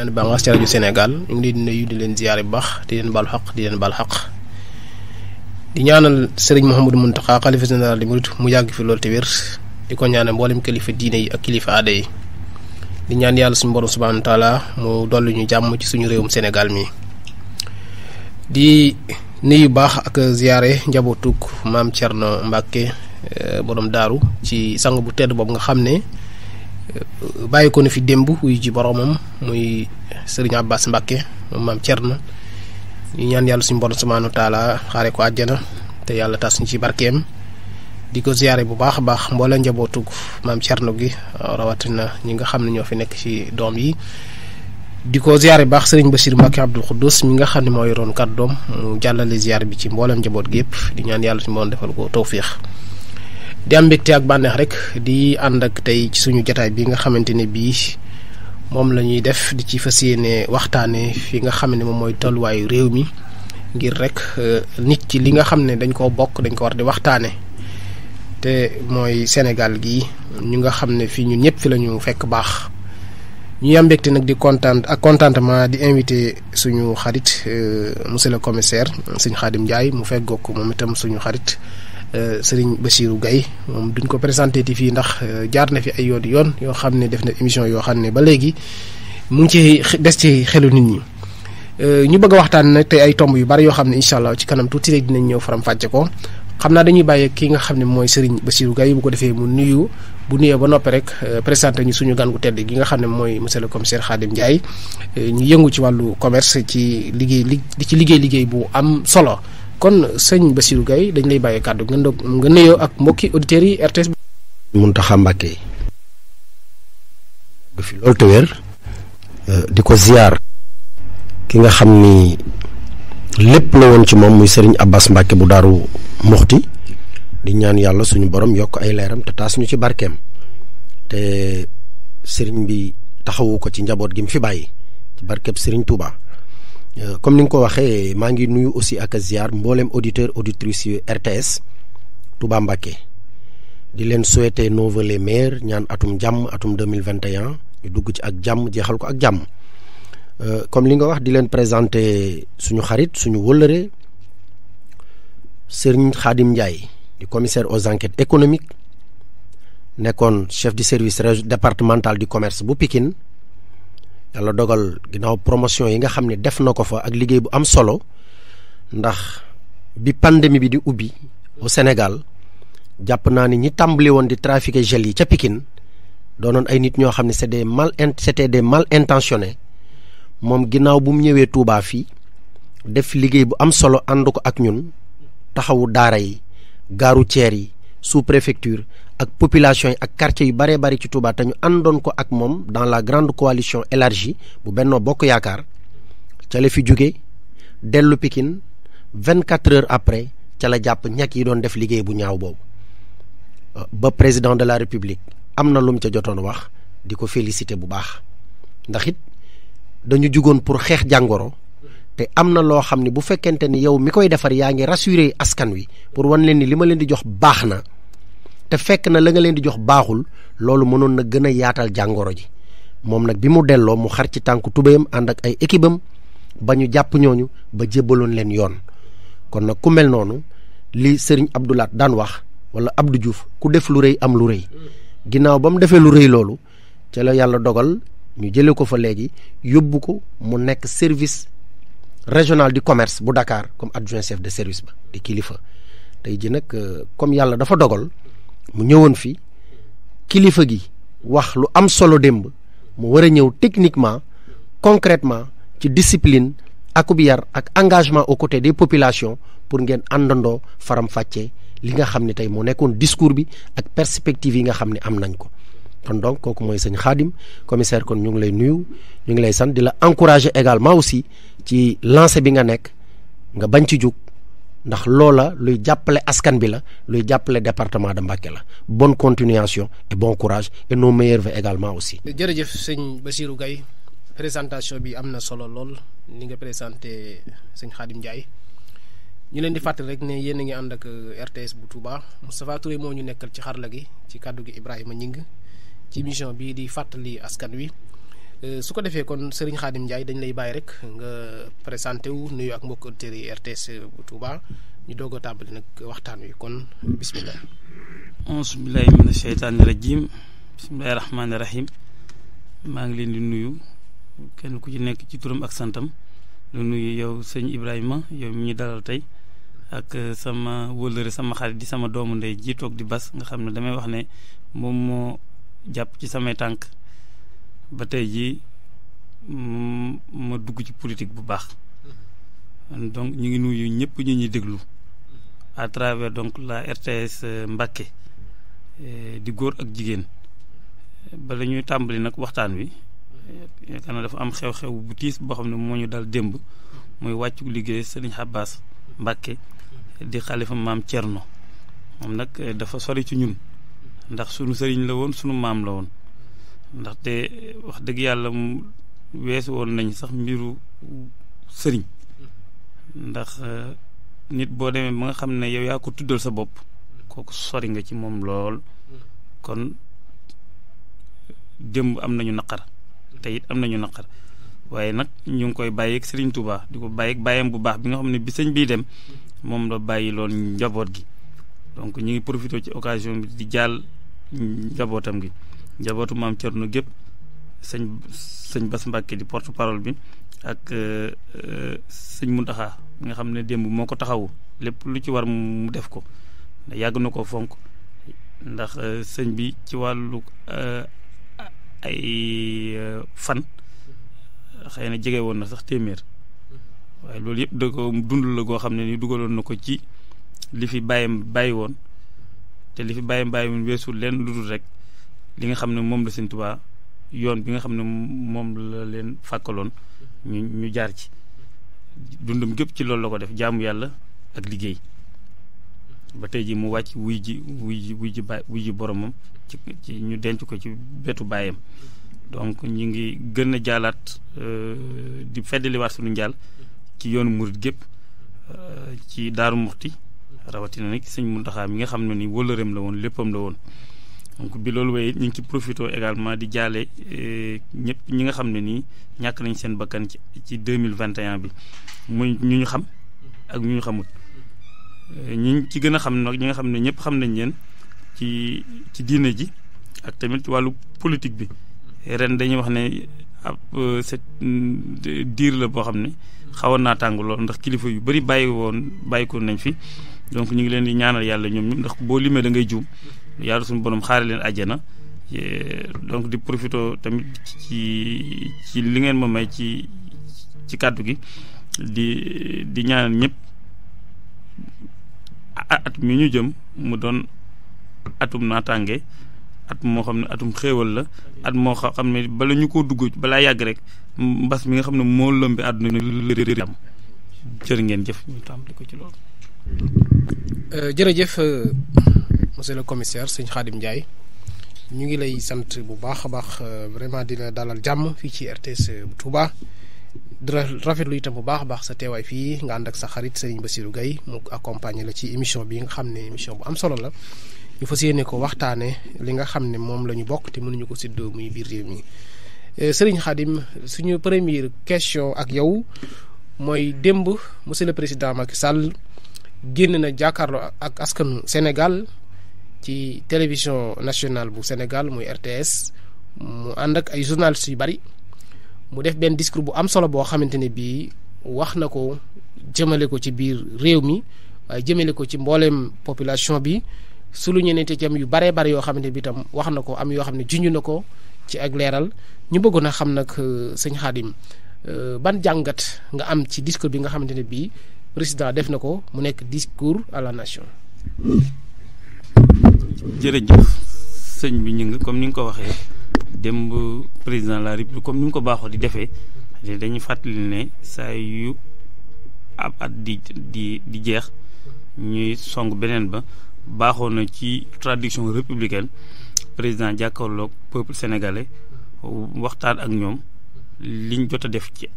benn bànqaas ci rajo Sénégal leen di nuyu di leen ziyaare bu baax di leen mu yàgg fi loolu te wér di ko ñaanal mboolem kilifa diine yi ak kilifa aada yi di ñaan yàlla suñu borom subhaanahu wa mu dolli ñu jàmm ci suñu réewum Sénégal mi di nuyu baax ak ziyaare njabootuk maam Thierno Mbacke eh, borom daaru ci sang bu tedd boobu nga xam ne. bàyyi ko na fi démb wuy ji boromam muy sëriñ Abbas Mbacke moom maam Thierno ñu ñaan yàlla suñ borom subhaanahu wa xaare ko àjjana te yàlla tas ñu ci barkeem di ko ziyaare bu baax a baax mboola njabootug maam Thierno gi rawatina ñi nga xam ne ñoo fi nekk ci doom yi. di ko ziyaare bu baax sëriñ Bachir Mbacke Abdoul Khoudous mi nga xam ne moo yoroon kàddoom mu jàllale ziyaar bi ci mboolam njaboot gi yëpp di ñaan yàlla suñu borom defal ko tawfiix di am ak bànneex rek di ànd ak tey ci suñu jataay bi nga xamante ne bii moom la ñuy def di ci fa yéene waxtaanee fi nga xam ne moom mooy tolluwaayu réew mi ngir rek euh, nit ci li nga xam ne dañ ko bokk dañ ko war di waxtaanee te mooy Sénégal gii ñu nga xam ne fii ñun ñëpp fi la ñu fekk baax. ñu am nag di kontaan ak contentement di invité suñu xarit euh, monsieur le commissaire sëñ Khadim Ndiaye mu fekk ko moom itam suñu xarit. Euh, Serigne Bassirou gay moom duñ ko présenté ti fii ndax euh, jaar na fi ay yoon yoon yoo xam ne def na émission yoo xam ne ba léegi mu ngi ci des ci xelu nit ñi euh, ñu bëgg waxtaan nag te ay tomb yu bari yoo xam ne incha allah ci kanam tuuti rek dinañ ñëw faram fàcce ko xam naa dañuy bàyyi ki nga xam ne mooy Serigne Bassirou Gaye bu ko defee mu nuyu bu nuyoo ba noppi rek présenté ñu suñu gan gu tedd gi nga xam ne mooy monsieur le commissaire Khadim Ndiaye ñu yëngu ci wàllu commerce ci liggéey li di ci liggéey liggéey bu am solo kon sëñ Bassirou Gueye dañ lay bàyyi kàddu nga ndog nga nuyoo ak mbokki auditeurs yi RTS bi. Mountakha Mbacké. fi loolu te euh, di ko ziar. ki nga xam ni lépp la woon ci moom muy Serigne Abbas Mbacké bu daaru muxti di ñaan yàlla suñu borom yokk ay leeram te taas ñu ci barkeem te sëriñ bi taxawu ko ci njaboot gi mu fi bàyyi ci barkeem tuuba Euh, comme ni nga ko waxee maa ngi nuyu aussi ak ziar mbooleem auditeur auditrice yu RTS Touba Mbacké di leen souhaiter nos vœux les ñaan atum jàmm atum 2021 ñu dugg ci ak jàmm jeexal ko ak jàmm euh, comme li nga wax di leen présenter suñu xarit suñu wëllëre Serigne Khadim Ndiaye di commissaire aux enquêtes économiques nekkoon chef du service départemental du commerce bu Pikine yàlla dogal ginnaaw promotion yi nga xam ne def na ko fa ak liggéey bu am solo ndax bi pandémie bi di ubbi au Sénégal jàpp naa ni ñi tàmbali woon di trafiquer gel yi ca Pikine doonoon ay nit ñoo xam ne c'est des mal c'était des mal intentionnés moom ginnaaw bu mu ñëwee Touba fii def liggéey bu am solo ànd ko ak ñun taxawu daara yi gaaru ceer yi sous préfecture ak population yi ak quartier yu bëree bëri ci Touba te ñu àndoon ko ak moom dans la grande coalition élargie bu Benno Bokk Yaakaar ca la fi jóge dellu Pikine vingt quatre heures après ca la jàpp ñàkk yi doon def liggéey bu ñaaw boobu euh, ba président de la république am na lu mu ca jotoon wax di ko félicité bu baax ndax it dañu jugoon pour xeex jàngoro te am na loo xam ne bu fekkente ni yow mi koy defar yaa ngi rassurer askan wi pour wan leen ni li ma leen di jox baax na te fekk na la nga leen di jox baaxul loolu mënoon na gën a yaatal jàngoro ji moom nag bi mu delloo mu xar ci tànk tubéyam ànd ak ay équipe ba ñu jàpp ñooñu ba jébbaloon leen yoon kon nag ku mel noonu li sëriñ Abdou Lahat daan wax wala Abdou Diouf ku def lu rëy am lu rëy ginnaaw ba mu defee lu rëy loolu ca la yàlla dogal ñu jëlee ko fa léegi yóbbu ko mu nekk service régional du commerce bu Dakar comme adjoint chef de service ba di kilifa tey ji nag euh, comme yàlla dafa dogal mu ñëwoon fi kilifa gi wax lu am solo démb mu war a ñëw techniquement concrètement ci discipline akub yar ak engagement au côté des populations pour ngeen àndandoo faram fàccee li nga xam ne tey moo nekkoon discours bi ak perspective yi nga xam ne am nañ ko kon donc kooku mooy sëñ Xaadim commissaire kon ñu ngi lay nuyu ñu ngi lay sant di la encourager également aussi ci lancé bi nga nekk nga bañ ci jug ndax loola luy jàppale askan bi la luy jàppale département de Mbacké la bonne continuation et bon courage et nos meilleurs vœux également aussi. jërëjëf sëñ Bassirou gay présentation bi am na solo lool ni nga présenté sëñ Khadim Ndiaye ñu leen di fàttali rek ne yéen a ngi ànd ak euh, RTS bu Touba Moustapha Touré moo ñu nekkal ci xarla gi ci kàddu gi Ibrahima Ñing ci émission bii di fàttali askan wi. Euh, su ko defee kon Serigne Khadim Ndiaye dañ lay bàyyi rek nga présenté wu nuyu ak mbokk auditeurs yi RTS bu Touba ñu doog a tàmbali nag waxtaan wi kon bismillah auzu billahi mina sheytaani rajim bismillahi rahmaani rahim maa ngi leen di nuyu kenn ku ci nekk ci turam ak santam lu nuyu yow sëñ Ibrahima yow mi ñu dalal tey ak sama wëllëre sama xarit di sama doomu ndey ji toog di bas nga xam ne damay wax ne moom moo jàpp ci samay tànk ba tey jii ma dugg ci politique bu baax donc ñu ngi nuyu ñëpp ñu ñuy déglu à travers donc la RTS euh, Mbacké euh, di góor ak jigéen bala ñuy tàmbali nag waxtaan wi yaakaar dafa am xew-xew bu tiis boo xam ne moo ñu daal démb muy wàccu liggéey Serigne Abbas Mbacké di xalifa maam Thierno moom nag euh, dafa sori ci ñun ndax sunu sëriñ la woon sunu maam la woon ndaxte wax dëgg yàlla mu weesu woon nañ sax mbiru sëriñ ndax euh, nit boo demee ba nga xam ne yow yaa ko tuddal sa bopp kooku sori nga ci moom lool kon démb am nañu naqar te it am nañu naqar waaye nag ñu ngi koy bàyyi sëriñ Serigne Touba di ko bàyyi bàyyam bu baax bi nga xam ne bi sëñ bii dem moom la bàyyi lool njaboot gi donc ñu ngi profité ci occasion bi di jàll njabootam gi. njabootu maam Thierno gépp sëñ sëñ Bass Mbacke di porte parole bi ak euh, euh, sëñ mu Mountakha nga xam ne démb moo ko taxawu lépp lu ci war mu def ko yàgg na ko fonk ndax euh, sëñ bi ci wàllu ay fan xëy na jege woon na sax téeméer waaye loolu yëpp da ko dund la goo xam ne ni dugaloon na ko ci li fi bàyyi bàyyi woon te li fi bàyyi bàyyi woon weesul leen lu dul rek li nga xam ne moom la sëñ Tuubaa yoon bi nga xam ne moom la leen fàkkaloon ñu jaar ci dundum gépp ci loolu la ko def jaamu yàlla ak liggéey ba tey ji mu wàcc wuy ji wuy ji ji ba wuy ji boromam ci ñu denc ko ci betu baayam donc ñu ngi gën a jaalaat euh, di feddaliwaat suñu njaal ci yoon murit gépp euh, ci daaru muxti rawatina nag sëñ Muntaxa mi nga xam ne ni wëllëreem la woon léppam la woon donc bi loolu wéy ñu ngi ci profité également di jaale euh, ñëpp ñi nga xam ne nii ñàkk nañ seen bakkan ci ci deux mille vingt et bi mu ñu ñu xam ak ñu ñu xamut euh, ñi ci gën a xam nag ñi nga xam ne ñëpp xam nañ leen ci ci diine ji ak tamit ci wàllu politique bi ren dañuy wax ne ab euh, c'est mm, diir la boo xam ne xawoon naa tàng lool yu bëri bàyyi woon bàyyi ko nañ fi donc ñu ngi leen ñaanal yàlla ñoom ndax boo limee da ngay yàlla suñu borom xaare leen àjjana donc di profito tamit ci ci li ngeen ma may ci ci kàddu gi di di ñaanal ñëpp at mi ñu jëm mu doon atum naataange at moo xam ne atum xéewal la at moo xam ne bala ñu ko dugg balaa yàgg rek mbas mi nga xam ne moo lëmbi àdduna bi am jërë ngeen jëf ñu tàmbali ko ci loolu euh, jërëjëf euh, monsieur le commissaire sëñ Khadim Ndiaye ñu ngi lay sant bu baax a baax euh, vraiment di la dalal jàmm fii ci RTS euh, bu Touba di rafetlu itam bu baax a baax sa teewaay fii nga ànd ak sa xarit Serigne Bassirou Gueye mu accompagner la ci émission bi nga xam ne émission bu am solo la ñu fa yéene ko waxtaanee li nga xam ne moom la ñu bokk te mënuñu ko séddoo muy biir réew mi euh, Serigne Khadim suñu premier question ak yow mooy démb monsieur le président Macky Sall génn na jàkkaarloo ak askanu Sénégal. ci télévision nationale bu Sénégal muy RTS mu ànd ak ay journalistes yu bari mu def benn discours bu am solo boo xamante ne bii wax na ko jëmale ko ci biir réew mi waaye jëmale ko ci mbooleem population bi su lu ñeneen ci am yu baree bari yoo xamante ne tam wax na ko am yoo xam ne junj na ko ci ak leeral ñu bëggoon a xam nag euh, sëñ Xaadim euh, ban jàngat nga am ci discours bi nga xamante ne bii président def na ko mu nekk discours à la nation. jërëjëf sëñ bi ñu ngi comme ni nga ko waxee démb président la république comme ni nga ko baaxoo di defee dañuy fàttali ne saa yu ab at di di jeex ñuy song beneen ba baaxoo na ci tradition républicaine président jàkkaarloog peuple sénégalais waxtaan ak ñoom liñ jot a def ci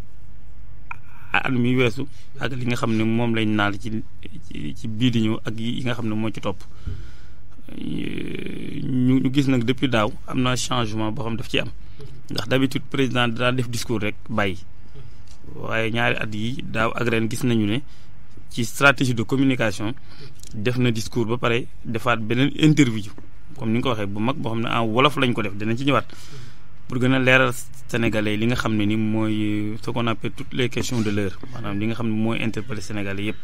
at mi weesu ak li nga xam ne moom lañ naal ci ci biir di ñëw ak yi nga xam ne moo ci topp Euh, ñu ñu gis nag depuis daaw am na changement boo xam daf ci am ndax d'habitude président daan def discours rek bàyyi waaye ñaari at yi daaw ak ren gis nañu ne ci stratégie de communication def na discours ba pare defaat beneen interview comme ni nga ko waxee bu mag boo xam ne en wolof lañ ko def dinañ ci ñëwaat. pour gën a leeral sénégalais li nga xam ne ni mooy ce qu'on appelle toutes les questions de l'heure maanaam li nga xam ne mooy interpeller sénégalais yépp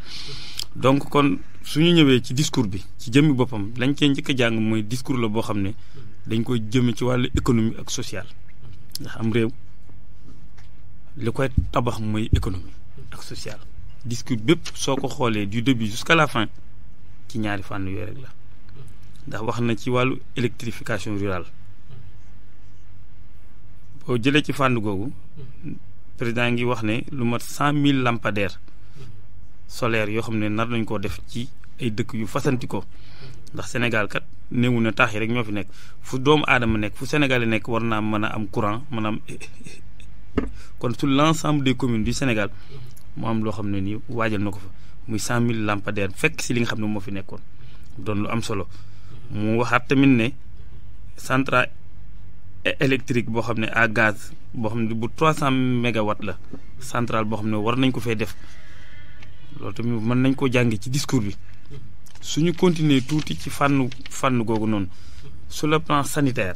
donc kon su ñu ñëwee ci discours bi ci jëmmi boppam lañ cee njëkk jàng mooy discours la boo xam ne dañ koy jëme ci wàllu économie ak social ndax am réew li koy tabax mooy économie ak social discours bépp soo ko xoolee du début jusqu'à la fin ci ñaari fànn yooyu rek la ndax wax na ci wàllu électrification rural boo euh, jëlee ci fànn googu président ngi wax ne lu mat cent mille lampadaires solaires yoo xam ne nar nañ ko def ci ay dëkk yu fasanti ko ndax Sénégal kat néewu na taax rek ñoo fi nekk fu doomu aadama nekk fu Sénégal nekk war naa mën a am courant mën a am kon su l' ensemble commune communes du Sénégal mu am loo xam ne nii waajal na ko fa muy cent mille lampadaires fekk si li nga xam ne moo fi nekkoon doon lu am solo mu waxaat tamit ne central électrique boo xam ne à gaz boo xam ne bu trois cent mégawatts la centrale boo xam ne war nañ ko fee def loolu tamit mën nañ ko jàngee ci discours bi suñu continuer tuuti ci fànn fànn googu noonu su le plan sanitaire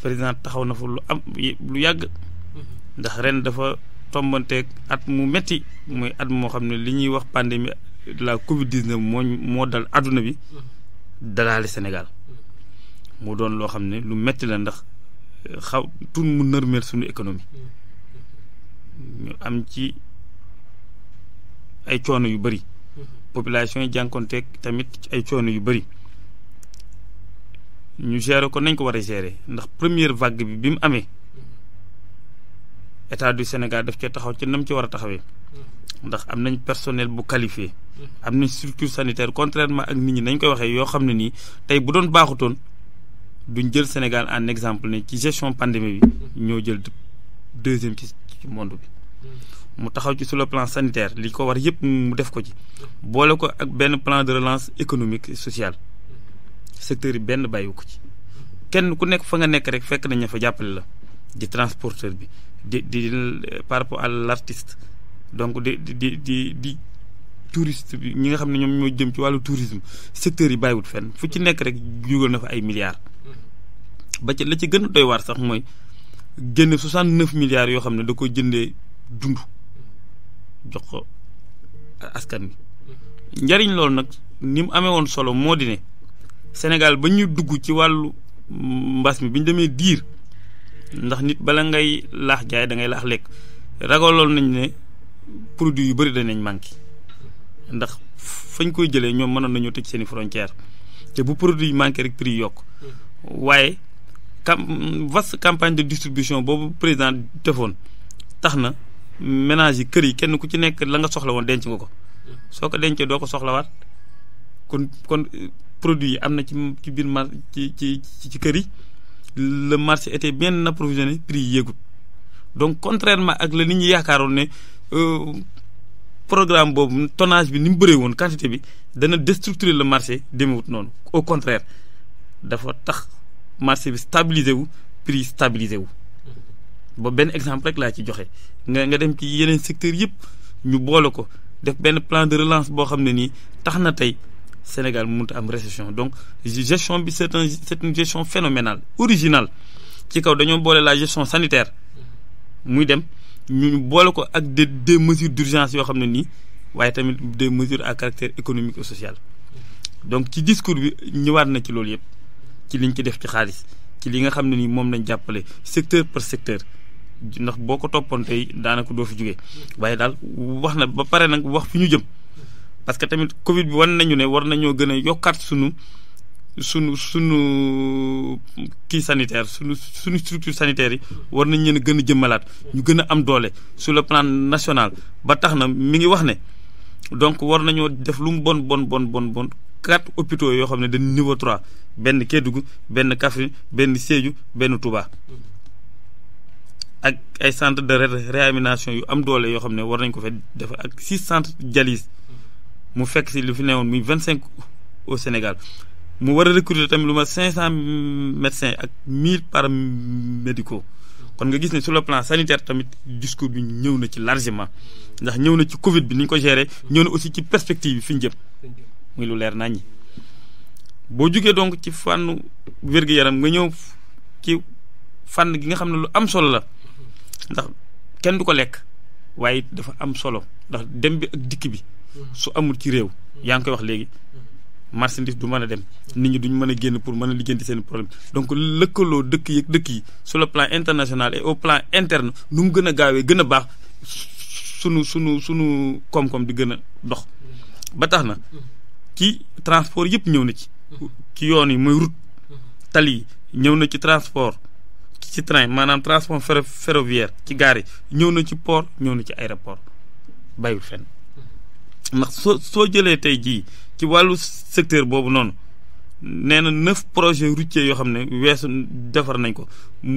président taxaw na fa lu am lu yàgg ndax ren dafa tombanteeg at mu metti mooy at moo xam ne li ñuy wax pandémie la covid 19 moo moo dal àdduna bi dalaale Sénégal mu doon loo xam ne lu metti la ndax xaw tun mu nërmeel suñu économie ñu am ci ay coono yu bëri population yi jànkonteeg tamit ay coono yu bari ñu gérer ko nañ ko war a gérer ndax première vague bi bi mu amee état du Sénégal daf cee taxaw ci nam ci war a taxawee ndax am nañ personnel bu qualifié am nañ structure sanitaire contrairement ak nit ñi nañ koy waxee yoo xam ne nii tey bu doon baaxutoon duñ jël Sénégal en exemple ne ci gestion pandémie bi ñoo jël deuxième ci ci monde bi mu taxaw ci sur le plan sanitaire li ko war yëpp mu def ko ci boole ko ak benn plan de relance économique sociale secteur yi benn bàyyiwu ko ci kenn ku nekk fa nga nekk rek fekk nañ fa jàppale la di transporteur bi di di par rapport à l'artiste donc di di di di touriste bi ñi nga xam ne ñoom ñoo jëm ci wàllu tourisme secteur yi bàyyiwut fenn fu ci nekk rek jugal na fa ay milliards ba ci la ci gën a doy waar sax mooy génne 69 milliards yoo xam ne da ko jëndee dund jox ko askan bi njariñ loolu nag ni mu amee woon solo moo di ne Sénégal ba ñu dugg ci wàllu mbas mi bi ñu demee diir ndax nit bala ngay laax jaay dangay ngay laax lekk ragaloon nañ ne produit yu bëri danañ manqué ndax fañ koy jëlee ñoom mënoon nañoo tëj seeni frontière te bu produit manqué rek prix yokk waaye cam vaste campagne de distribution boobu président defoon tax na ménage yi kër yi kenn ku ci nekk la nga soxla woon denc nga ko soo ko dencee doo ko soxla soxlawaat kon kon produit yi am na ci ci biir mar ci ci ci kër yi le marché était bien approvisionné prix yi yéegut donc contrairement ak la ni ñi yaakaaroon ne euh, programme boobu tonnage bi ni mu bëree woon quantité bi dana déstructurer le marché demewut noonu au contraire dafa tax marché bi stabilisé wu prix stabilisé wu ba benn exemple rek laa ci joxe nga nga dem ci yeneen secteur yëpp ñu boole ko def benn plan de relance boo xam ne nii tax na tey Sénégal mënut am récession donc gestion bi c'est un c'est une gestion phénoménale originale ci kaw dañoo boole la gestion sanitaire muy dem ñu boole ko ak des des mesures d'urgence yoo xam ne nii waaye tamit de mesures à caractère économique et social donc ci discours bi ñëwaat na ci loolu yëpp. ci liñ ci def ci xaalis ci li nga xam ne nii moom lañ jàppale secteur par secteur ndax boo ko toppoon tey daanaka doo fi jógee waaye daal wax na ba pare nag wax fi ñu jëm parce que tamit Covid bi wan nañu ne war nañoo gën a yokkaat sunu sunu sunu kii sanitaire sunu sunu structure sanitaire yi war nañ leen gën a jëmmalaat ñu gën a am doole sur le plan national ba tax na mi ngi wax ne donc war nañoo def lu mu bon bon bon bon bon quatre hôpitaux yoo xam ne dañ nivo trois benn Kédougou benn Kaffrine benn Sédhiou benn Touba ak ay centre de réanimation yu am doole yoo xam ne war nañ ko fe def ak six centres dialyse mu fekk si lu fi newoon muy vingt cinq au Sénégal mu war a recruter tamit lu ma cinq cent médecins ak mille paramédicaux kon nga gis ne sur le plan sanitaire tamit discours bi ñëw na ci largement ndax ñëw na ci Covid bi ni ñu ko gérer ñëw na aussi ci perspective bi fi ñu jëm. muy lu leer naññi boo jógee donc ci fànn wér-gu-yaram nga ñëw ci fànn gi nga xam ne lu am solo la ndax kenn du ko lekk waaye dafa am solo ndax dem bi ak dikk bi su amul ci réew yaa ngi koy wax léegi marchandise du mën a dem nit ñi duñ mën a génn pour mën a lijjanti seen problème donc lëkkaloo dëkk yi dëkk yi sur le plan international et au plan interne nu mu gën a gaawee gën a baax sunu sunu sunu koom-koom di gën a dox ba tax na ci transport yëpp ñëw na ci ci yoon yi muy route tali ñëw na ci transport ci train maanaam transport ferroviaire ci gaar yi ñëw na ci port ñëw na ci aéroport bàyyul fenn ndax soo soo jëlee tey jii ci wàllu secteur boobu noonu nee na neuf projets routiers yoo xam ne weesu defar nañ ko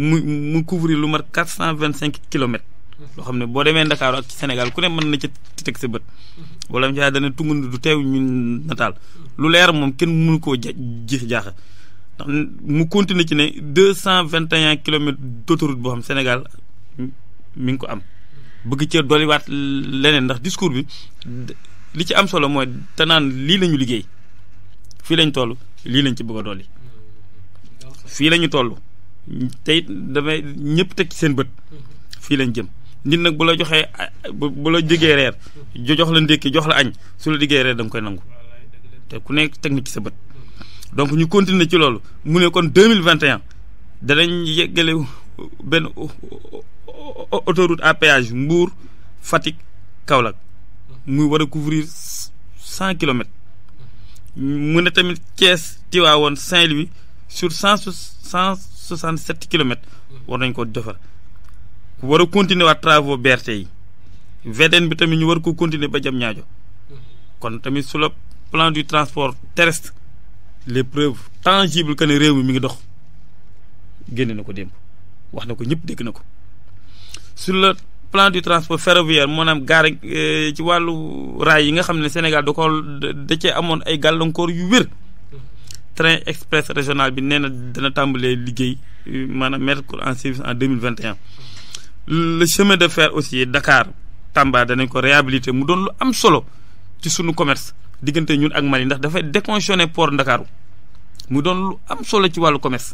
mu mu couvrir lu mat quatre cent vingt cinq kilomètres loo xam ne boo demee Ndakaaru ak ci Sénégal ku ne mën na ca teg sa bët wala mu caa dana tungu du teew ñun nataal lu leer moom kenn mënu koo ja gis jaaxa ndax mu continuer ci ne deux cent vingt et un kilomètres d'autoroute boo xam Sénégal mi ngi ko am bëgg cee dolliwaat leneen ndax discours bi li ci am solo mooy te naan lii la liggéey fii lañ toll lii lañ ci bëgg a dolli fii la ñu toll te it teg ci seen bët fii lañ jëm nit nag bu la joxee bu la diggee reer jox la ndékki jox la añ su la diggee reer da koy nangu te ku nekk teg na ci sa bët donc ñu continuer ci loolu mu ne kon deux mille vingt et un danañ yeggale benn autoroute à péage Mbour Fatick Kaolack muy war a couvrir cent kilomètres mu ne tamit Thiès Tivaouane Saint-Louis sur cent soixante sept kilomètres war nañ ko defar war a continuer waat travaux BRT yi bi tamit ñu war ko continuer ba jam ñaajo kon tamit sur le plan du transport terrestre les preuves tangibles que ne réew mi mi ngi dox génne na ko démb wax na ko ñëpp dégg na ko su le plan du transport ferroviaire maanaam gaar euh, ci wàllu raay yi nga xam ne Sénégal da ko da cee amoon ay gàllankoor yu wér train express régional bi nee na dana tàmbalee liggéey euh, maanaam mettre en service en deux mille le chemin de fer aussi ndakaar Tamba danañ ko réhabilité mu doon lu am solo ci sunu commerce diggante ñun ak Mali ndax dafay décongestionner port Ndakaaru mu doon lu am solo ci wàllu commerce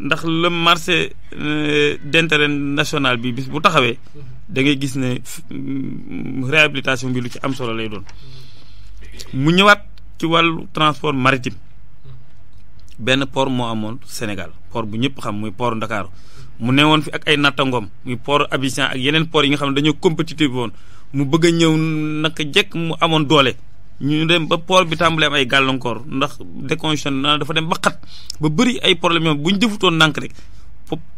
ndax la marché euh, d'intérêt national bi bis bu taxawee dangay gis ne mm, réhabilitation bi lu ci am solo lay doon mu ñëwaat ci wàllu transport maritime benn port moo amoon Sénégal port bu ñëpp xam muy port Ndakaaru mu newoon fi ak ay nattangoom muy port Abidjan ak yeneen port yi nga xam ne dañoo compétitif woon mu bëgg a ñëw naka jekk mu amoon doole ñu dem ba port bi tàmbalee ay gàllankoor ndax décongestion na dafa dem ba xat ba bëri ay problème yoo bu ñu defutoon nànk rek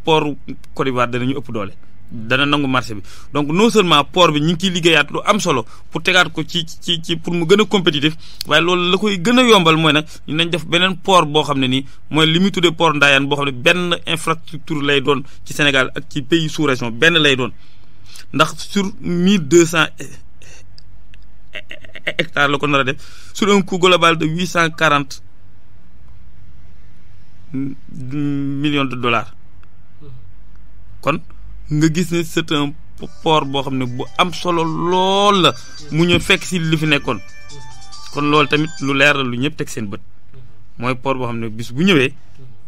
port Côte d'Ivoire danañu ëpp doole dana nangu marché bi donc non seulement port bi ñu ngi ciy liggéeyaat lu am solo pour tegaat ko ci ci ci pour mu gën a compétitif waaye loolu la koy gën a yombal mooy nag nañ def beneen port boo xam ne nii mooy li muy tuddee port Ndayane boo xam ne benn infrastructure lay doon ci Sénégal ak ci pays sous région benn lay doon ndax sur mille deux cent hectares la ko nar a def sur un coût global de huit cent quarante million de dollars mm-hmm. kon. nga gis ne c'est un boo xam ne bu am solo lool la mu ñëw fekk si li fi nekkoon kon loolu tamit lu leer la lu ñëpp teg seen bët mooy port boo xam ne bis bu ñëwee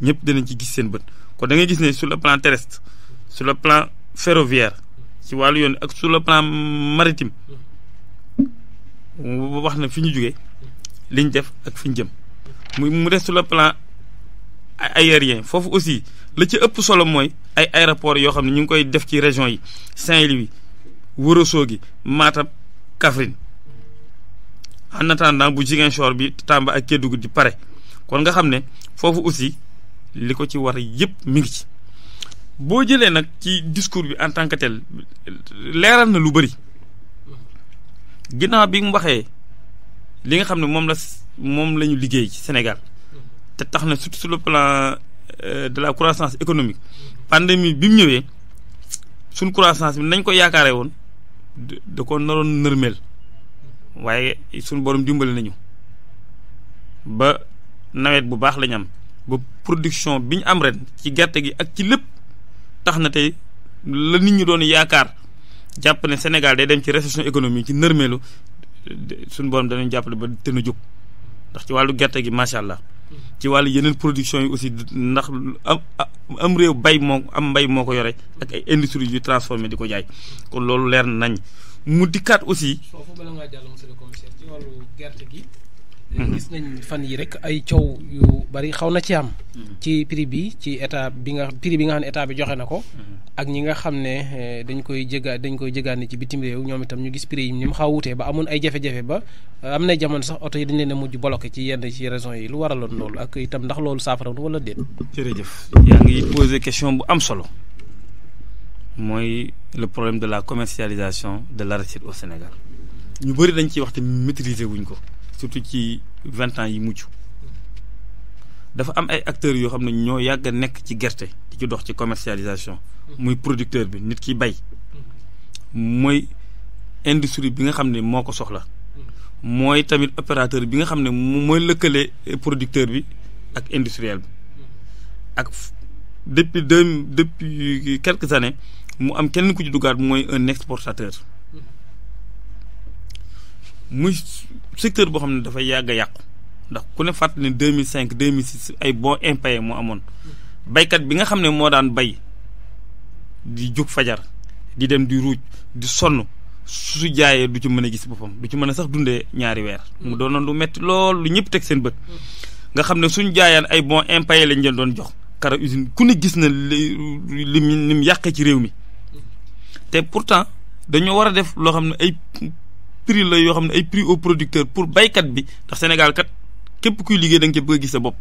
ñëpp danañ ci gis seen bët kon da ngay gis ne sur le plan terrestre sur le plan ferroviaire si wàllu yoon ak sur le plan maritime wax na fi ñu jógee liñ def ak fi ñu jëm mu mu des sur le plan aérien foofu aussi. la ci ëpp solo mooy ay aéroport yoo xam ne ñu ngi koy def ci région yi Saint-Louis Ouro gi Matam kafrin en attendant bu Ziguinchor bi Tamba ak Kédougou di pare kon nga xam ne foofu aussi li ko ci war yëpp mi ngi ci boo jëlee nag ci discours bi en tant que tel leeral na lu bëri ginnaaw bi mu waxee li nga xam ne moom la moom lañu liggéey ci senegal te tax na surtout sur le plan Euh, de la croissance économique pandémie bi mu ñëwee suñ croissance bi nañ ko yaakaare woon da ko naroon nërmeel waaye suñ borom dimbali nañu ba nawet bu baax lañu am ba production bi ñu am ren ci gerte gi ak ci lépp tax na tey la nit ñu doon yaakaar jàpp ne Sénégal day dem ci récession économique ci nërmeelu suñ borom danañ jàppale ba tën a jóg ndax ci wàllu gerte gi macha allah. ci wàllu yeneen production yi aussi ndax am am réew bay moo am mbay moo ko yore ak ay industrie yu transformé di ko jaay kon loolu leer nañ mu dikkaat aussi. foofu bala ngaa jàll monsieur le commissaire ci wàllu gerte gi. Mm-hmm. gis nañ fan yi rek ay coow yu bari xaw na ci am. Mm-hmm. ci prix bi ci état bi nga prix bi nga xam ne état bi joxe na ko. Mm-hmm. ak ñi nga xam ne eh, dañ koy jégga dañ koy jéggaane ci bitim réew ñoom itam ñu gis prix yi ni mu xaw wutee ba amoon ay jafe-jafe ba eh, am na jamono sax oto yi dañ leen a mujj bloqué ci yenn ci raison yi lu waraloon loolu ak itam ndax loolu saafara wala déet. jërëjëf yaa ngi posé question bu am solo mooy le problème de la commercialisation de l'arachide au Sénégal ñu bari dañ ciy wax te maîtriser wuñ ko. surtout ci vingt ans yi mucc dafa am ay acteurs yoo xam ne ñoo yàgg a nekk ci gerte di ci dox ci commercialisation muy producteur bi nit ki bay mooy industrie bi nga xam ne moo ko soxla mooy tamit opérateur bi nga xam ne mooy lëkkalee producteur bi ak industriel bi ak depuis deux depuis quelques années mu am kenn ku ci duggaat mooy un exportateur muy secteur boo xam ne dafa yàgg yàqu ndax ku ne fàttali ne 2005 2006 ay bon impayé moo amoon baykat bi nga xam ne moo daan bay di jóg fajar di dem di ruuj di sonn su jaayee du ci mën a gis boppam du ci mën a sax dundee ñaari weer mu mm. doonoon lu metti lool lu ñëpp teg seen bët nga xam ne suñ jaayaan ay bon impaye lañ leen doon jox kara usine ku ne gis na li li mu yàqee ci réew mi mm. te pourtant dañoo war a def loo xam ne ay prix la yoo xam ne ay prix au producteur pour baykat bi ndax Sénégal kat képp kuy liggéey danga nga ci bëgg sa bopp.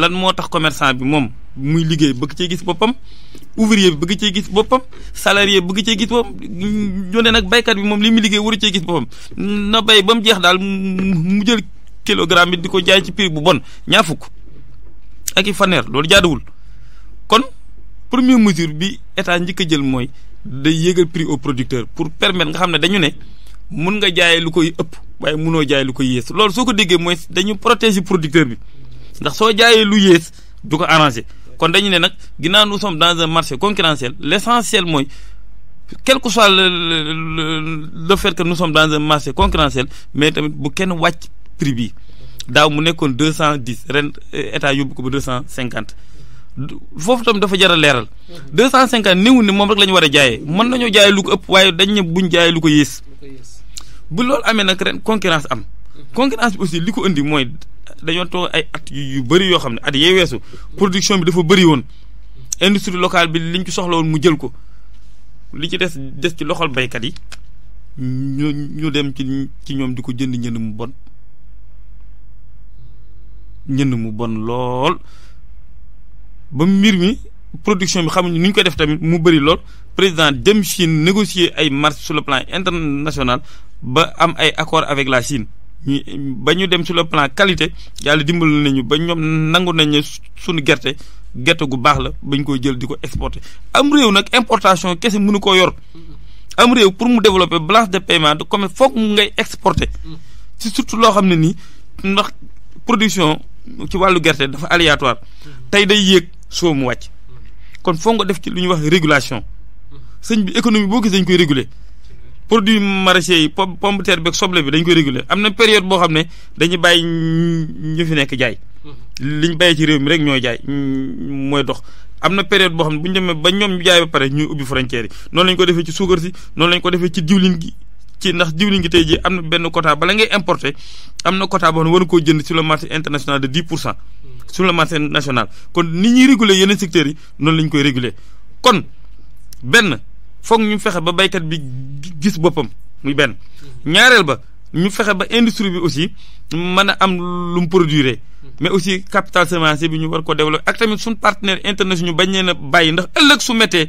lan moo tax commerçant bi moom muy liggéey bëgg cee gis boppam ouvrier bi bëgg cee gis boppam salarié bëgg cee gis boppam ñone nag baykat bi moom li muy liggéey waru cee gis boppam na bay ba mu jeex daal mu jël kilogramme bi di ko jaay ci prix bu bon ñaar fukk ak i faneer loolu jaaduwul kon première mesure bi état njëkk jël mooy day yéegal prix au producteur pour permettre nga xam ne dañu ne mun nga jaay lu koy ëpp waaye munoo jaay lu koy yées loolu soo ko déggee mooy dañu protéger producteur bi ndax soo jaayee lu yées du ko arrangé kon dañu ne nag ginnaaw nous sommes dans un marché concurrentiel l' essentiel mooy que soit le le le fait que nous sommes dans un marché mais tamit bu kenn wàcc prix bi daaw mu nekkoon deux cent dix ren euh, état yóbbu ko ba deux cent cinquante foofu tam dafa jar leeral. deux cent cinquante néew ni moom rek la ñu war a jaayee mën nañoo jaay lu ko ëpp waaye dañ ne buñ jaayee lu ko yées. bu loolu amee nag ren concurrence am. concurrence bi aussi li ko indi mooy dañoo toog ay at yu bëri yoo xam ne at yee weesu. production bi dafa bëri woon. industrie locale bi liñ ci soxla woon mu jël ko li ci des des ci loxol baykat yi ñu ñu dem ci ci ñoom di ko jënd njënd mu bon. njënd mu bon lool ba mbir mi production bi xamuñu ni ñu koy def tamit mu bëri lool président dem Chine négocier ay marché sur le plan international ba am ay accord avec la Chine ñu ba ñu dem sur la plan qualité yàlla dimbali nañu ba ñoom nangu nañ ne suñu gerte gerte gu baax la bañ koy jël di ko exporter am réew nag importation kese mënu koo yor am réew pour mu développer balance de paiement de comme foog mu ngay exporter si surtout loo xam ne nii ndax production ci wàllu gerte dafa aléatoire tey day yéeg soo mu wàcc kon foog nga def ci lu ñuy wax régulation sëñ bi économie boo gis dañ koy réguler produit maraîcher yi pom pomme de terre beeg soble bi dañ koy réguler am na période boo xam ne dañuy bàyyi ñu fi nekk jaay. Mm-hmm. liñ bàyyee ci réew mi rek ñooy jaay mooy dox. am na période boo xam ne bu ñu demee ba ñoom ñu jaay ba pare ñuy ubbi frontière yi noonu lañ ko defee ci suukar si noonu lañ ko defee ci diwlin gi ci ndax diwlin gi tey ji am na benn quota bala ngay importer am na quota boo xam ne war na koo jënd sur le marché international de 10 pour cent. Mm-hmm. sur le marché national kon ni ñuy réguler yeneen secteurs yi lañ koy réguler kon benn. foog ñu fexe ba béykat bi gis boppam muy benn ñaareel ba ñu fexe ba industrie bi aussi mën a am lu mu produire mais aussi capital semencier bi ñu war ko développer ak tamit suñ partenaire internationaux ñu bañ leen a bàyyi ndax ëllëg su méttee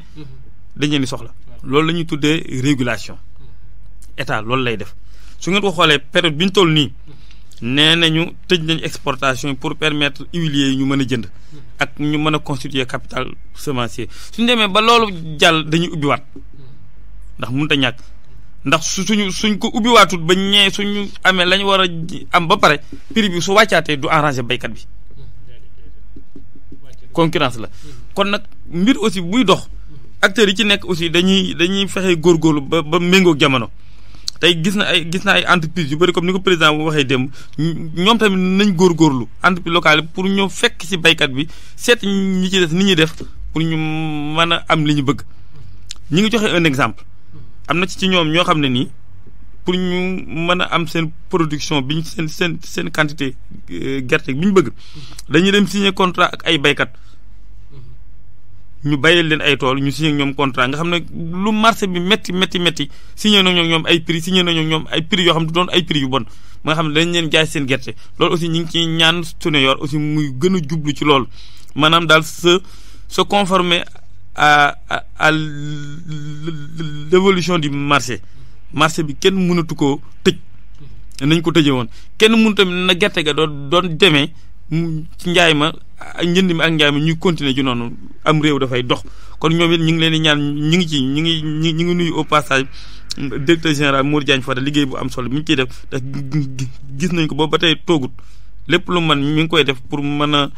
dañ leen di soxla loolu la ñuy tuddee régulation état loolu lay def su ngeen ko xoolee période bi ñu toll nii nee nañu tëj nañ exportation pour permettre huiliers yi ñu mën a jënd ak ñu mën a constituer capital semencier suñu demee ba loolu jàll dañuy ubbiwaat ndax mënut a ñàkk ndax su suñu suñ ko ubbiwaatut ba ñee suñu amee lañu war a am ba pare prix bi su wàccaatee du arrangé béykat bi concurrence la kon nag mbir aussi buy dox acteurs yi ci nekk aussi dañuy dañuy fexe góorgóorlu ba ba méngoog jamono tey gis na ay gis na ay entreprise yu bari comme ni ko président bu waxee démb ñoom tamit nañ góor góorlu entreprise locale pour ñoo fekk ci baykat bi seet ñi ci des ni ñuy def pour ñu mën a am li ñu bëgg ñu ngi joxe un exemple am na ci ci ñoom ñoo xam ne nii pour ñu mën a am seen production biñ seen seen seen quantité euh, gerte bi ñu bëgg dañuy dem signer contrat ak ay baykat ñu bàyyil leen ay tool ñu signé ñoom contrat nga xam ne lu marché bi metti métti métti signé nañoo ñoom ay prix signé nañoo ñoom ay prix yoo xam ne doon ay prix yu bon ba xam ne dañ leen jaay seen gerte loolu aussi ñu ngi ciy ñaan yoor aussi muy gën a jublu ci loolu maanaam daal sa se conformer à à à l'évolution du marché marché bi kenn munatu koo tëj nañ ko tëjee woon kenn mënu tamit na gerte ga doon doon demee ci njaay ma njënd mi ak njaay ma ñuy continuer ci noonu am réew dafay dox kon ñoom it ñu ngi leen di ñaan ñu ngi ci ñu ngi ñu ngi nuyu au passage directeur général Modou Diagne Fada liggéey bu am solo mi ngi ciy def ndax gis nañ ko boobu ba tey toogut lépp lu man mi ngi koy def pour mën a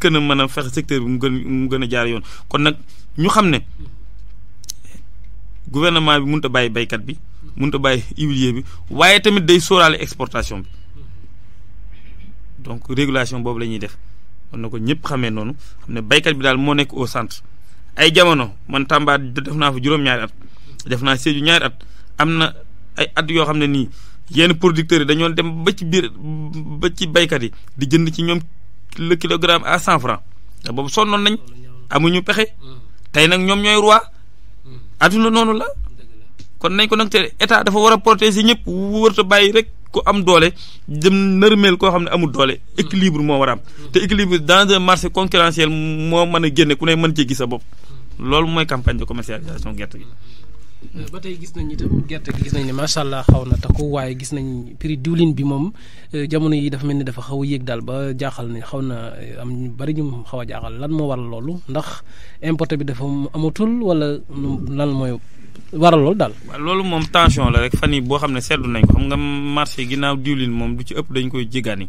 gën a mën a fexe secteur bi mu gën mu gën a jaar yoon kon nag ñu xam ne gouvernement bi mun ta bàyyi béykat bi mënut a bàyyi huilier bi waaye tamit day sóoraale exportation bi donc régulation boobu la ñuy def na ko ñëpp xamee noonu xam ne béykat bi daal moo nekk au centre ay jamono man Tamba def naa fa juróom-ñaari at def naa Sédhiou ñaari at am na ay at yoo xam ne nii yenn producteurs yi dañoo dem ba ci biir ba ci béykat yi di jënd ci ñoom le kilogramme à cent franc boobu sonnoon nañ amuñu pexe tey nag ñoom ñooy roi adduna noonu la kon nañ ko nag te état dafa war a protéger ñëpp wërta bàyyi rek ku am doole dem nërmeel koo xam ne amul doole équilibre moo war a te équilibre dans un marché concurrentiel moo mën a génne ku ne mën ci gis sa bopp loolu mooy campagne de commercialisation gerte gi ba tey gis nañ itam gerte gi gis nañ ne macha allah xaw na takku waaye gis nañ prix diwlin bi moom euh, jamono yi dafa mel ni dafa xaw a yéeg daal ba jaaxal ne xaw na euh, am ñu bari ñu xaw a jaaxal lan moo waral loolu ndax importé bi dafa amatul wala lan mooy waral loolu loolu moom tension la rek fan yi boo xam ne seetlu nañ ko xam nga marché ginnaaw diwlin moom du ci ëpp dañ koy jéggaani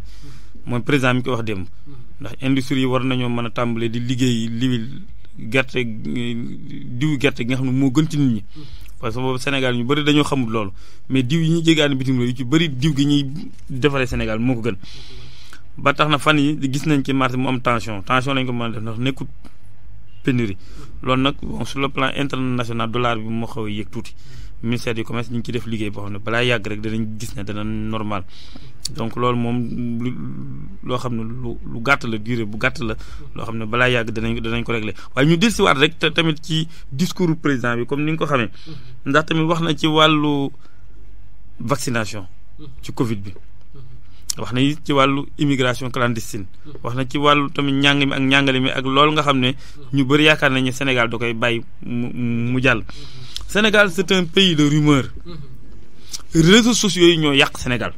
mooy président mi ko wax démb. Hmm. ndax industrie war nañoo mën a tàmbalee di liggéey lii gerte diw gerte gi nga xam ne moo gën ci nit ñi. Hmm. parce que boobu Sénégal ñu bari dañoo xamul loolu mais diw yi ñuy jéggaani bitim réew yu ci bëri diw gi ñuy defaree Sénégal moo ko gën. ba tax na fan yi gis nañ ci marché mu am tension tension lañ ko mën a def ndax nekkut pénurie hmm. loolu nag bon sur le plan international dollar bi moo xaw a yéeg tuuti. ministère du commerce ñu ci def liggéey boo xam ne balaa yàgg rek danañ gis ne dana normal donc loolu moom loo xam ne lu lu gàtt la durée bu gàtt la loo xam ne balaa yàgg danañ danañ ko régler waaye ñu dellusiwaat rek te tamit ci discours président bi comme ni nga ko xamee ndax tamit wax na ci wàllu vaccination ci Covid bi wax na ci wàllu immigration clandestine wax na ci wàllu tamit ñàng ak ñàngale mi ak loolu nga xam ne ñu bëri yaakaar nañu Sénégal da koy bàyyi mu mu jàll Sénégal c' est un pays de rumeur réseaux sociaux yi ñoo yàq Sénégal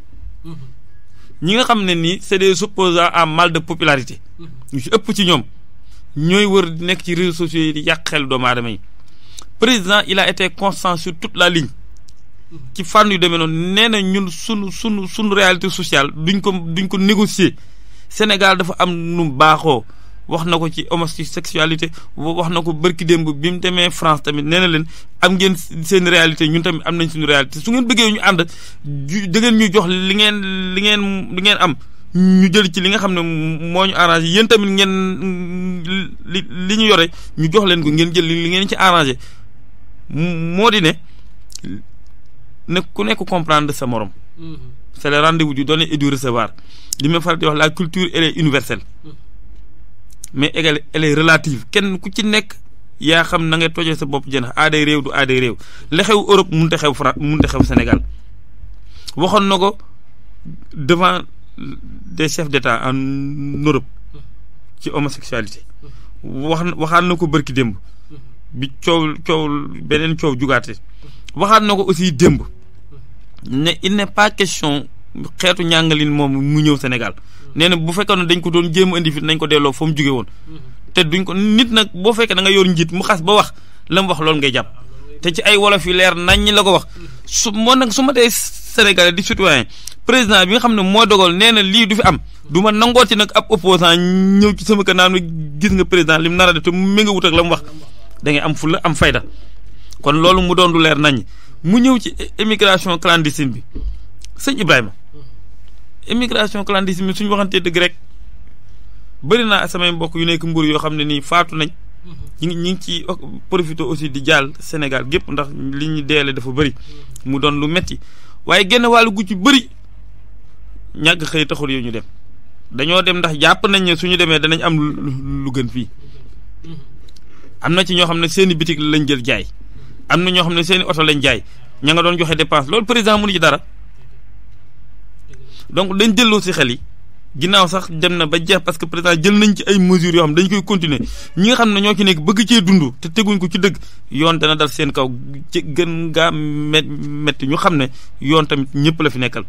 ñi nga xam ne nii c' est des opposants à mal de popularité ñu ci ëpp ci ñoom ñooy wër di nekk ci réseaux sociaux yi di yàq xel doomu aadama yi président il a été constant sur toute la ligne ci fànn yu demee noonu nee na ñun sunu sunu sunu réalité sociale duñ ko duñ ko négocier Sénégal dafa am nu baaxoo. wax na ko ci homosexualité wax na ko bërki démb bi mu demee France tamit nee na leen am ngeen seen réalité ñun tamit am nañ suñu réalité su ngeen bëggee ñu ànd da ngeen ñu jox li ngeen li ngeen li ngeen am ñu jël ci li nga xam ne moo ñu arrangé yéen tamit ngeen li li ñu yore ñu jox leen ko ngeen jël li ngeen ci arrangé moo di ne ne ku nekk comprendre sa morom. Mm-hmm. c'est le rendez-vous et du recevoir li ma faral di wax la culture elle est universelle. Mm-hmm. mais égale elle est relative kenn ku ci nekk yaa xam na nga tojee sa bopp jën aaday réew du aaday réew la xew Europe mënut a xew France mënut a xew Sénégal waxoon na ko devant des chefs d'État en waxaan na ko bërki démb bi coow coow beneen coow jugaate waxaat na ko aussi démb ne il n'est pas question xeetu ñàngalin moom mu ñëw Sénégal nee na bu fekkoon dañ ko doon jéem a indi fit nañ ko delloo fa mu jóge woon te duñ ko nit nag boo fekkee da nga yor njiit mu xas ba wax la mu wax loolu ngay ci ay wolof yu leer nañ ñi la ko wax su moo nag su ma dee sénégalais di citoyen président bi nga xam ne moo dogal nee na lii du fi am du ma nangooti nag ab opposant ñëw ci sama kanam gis nga président li nara nar te def te mi nga wut ak la mu wax da ngay am fulla am fayda kon loolu mu doon lu leer nañ mu ñëw ci immigration clandestine bi sëñ Ibrahima immigration clandestine suñu waxantee dëgg rek bëri naa samay mbokk yu nekk Mbuur yoo xam ne nii faatu nañ. ñu ngi ñu ngi ci profité aussi di jaal Sénégal gépp ndax li ñu deele dafa bari mu doon lu metti waaye genn wàllu gu ci bëri ñàkk xëy taxul yow ñu dem dañoo dem ndax jàpp nañ ne suñu demee danañ am lu gën fii. am na ci ñoo xam ne seen i lañ jël jaay am na ñoo xam ne seen oto lañ jaay ña nga doon joxe dépense loolu président mënu ci dara. donc dañ delloo si xel yi ginnaaw sax dem na ba jeex parce que président jël nañ ci ay mesures yoo xam koy continuer ñi nga xam ne ñoo ci nekk bëgg cee dund te teguñ ko ci dëgg yoon dana dal seen kaw ci gën ngaa metti ñu xam ne yoon tamit ñëpp la fi nekkal.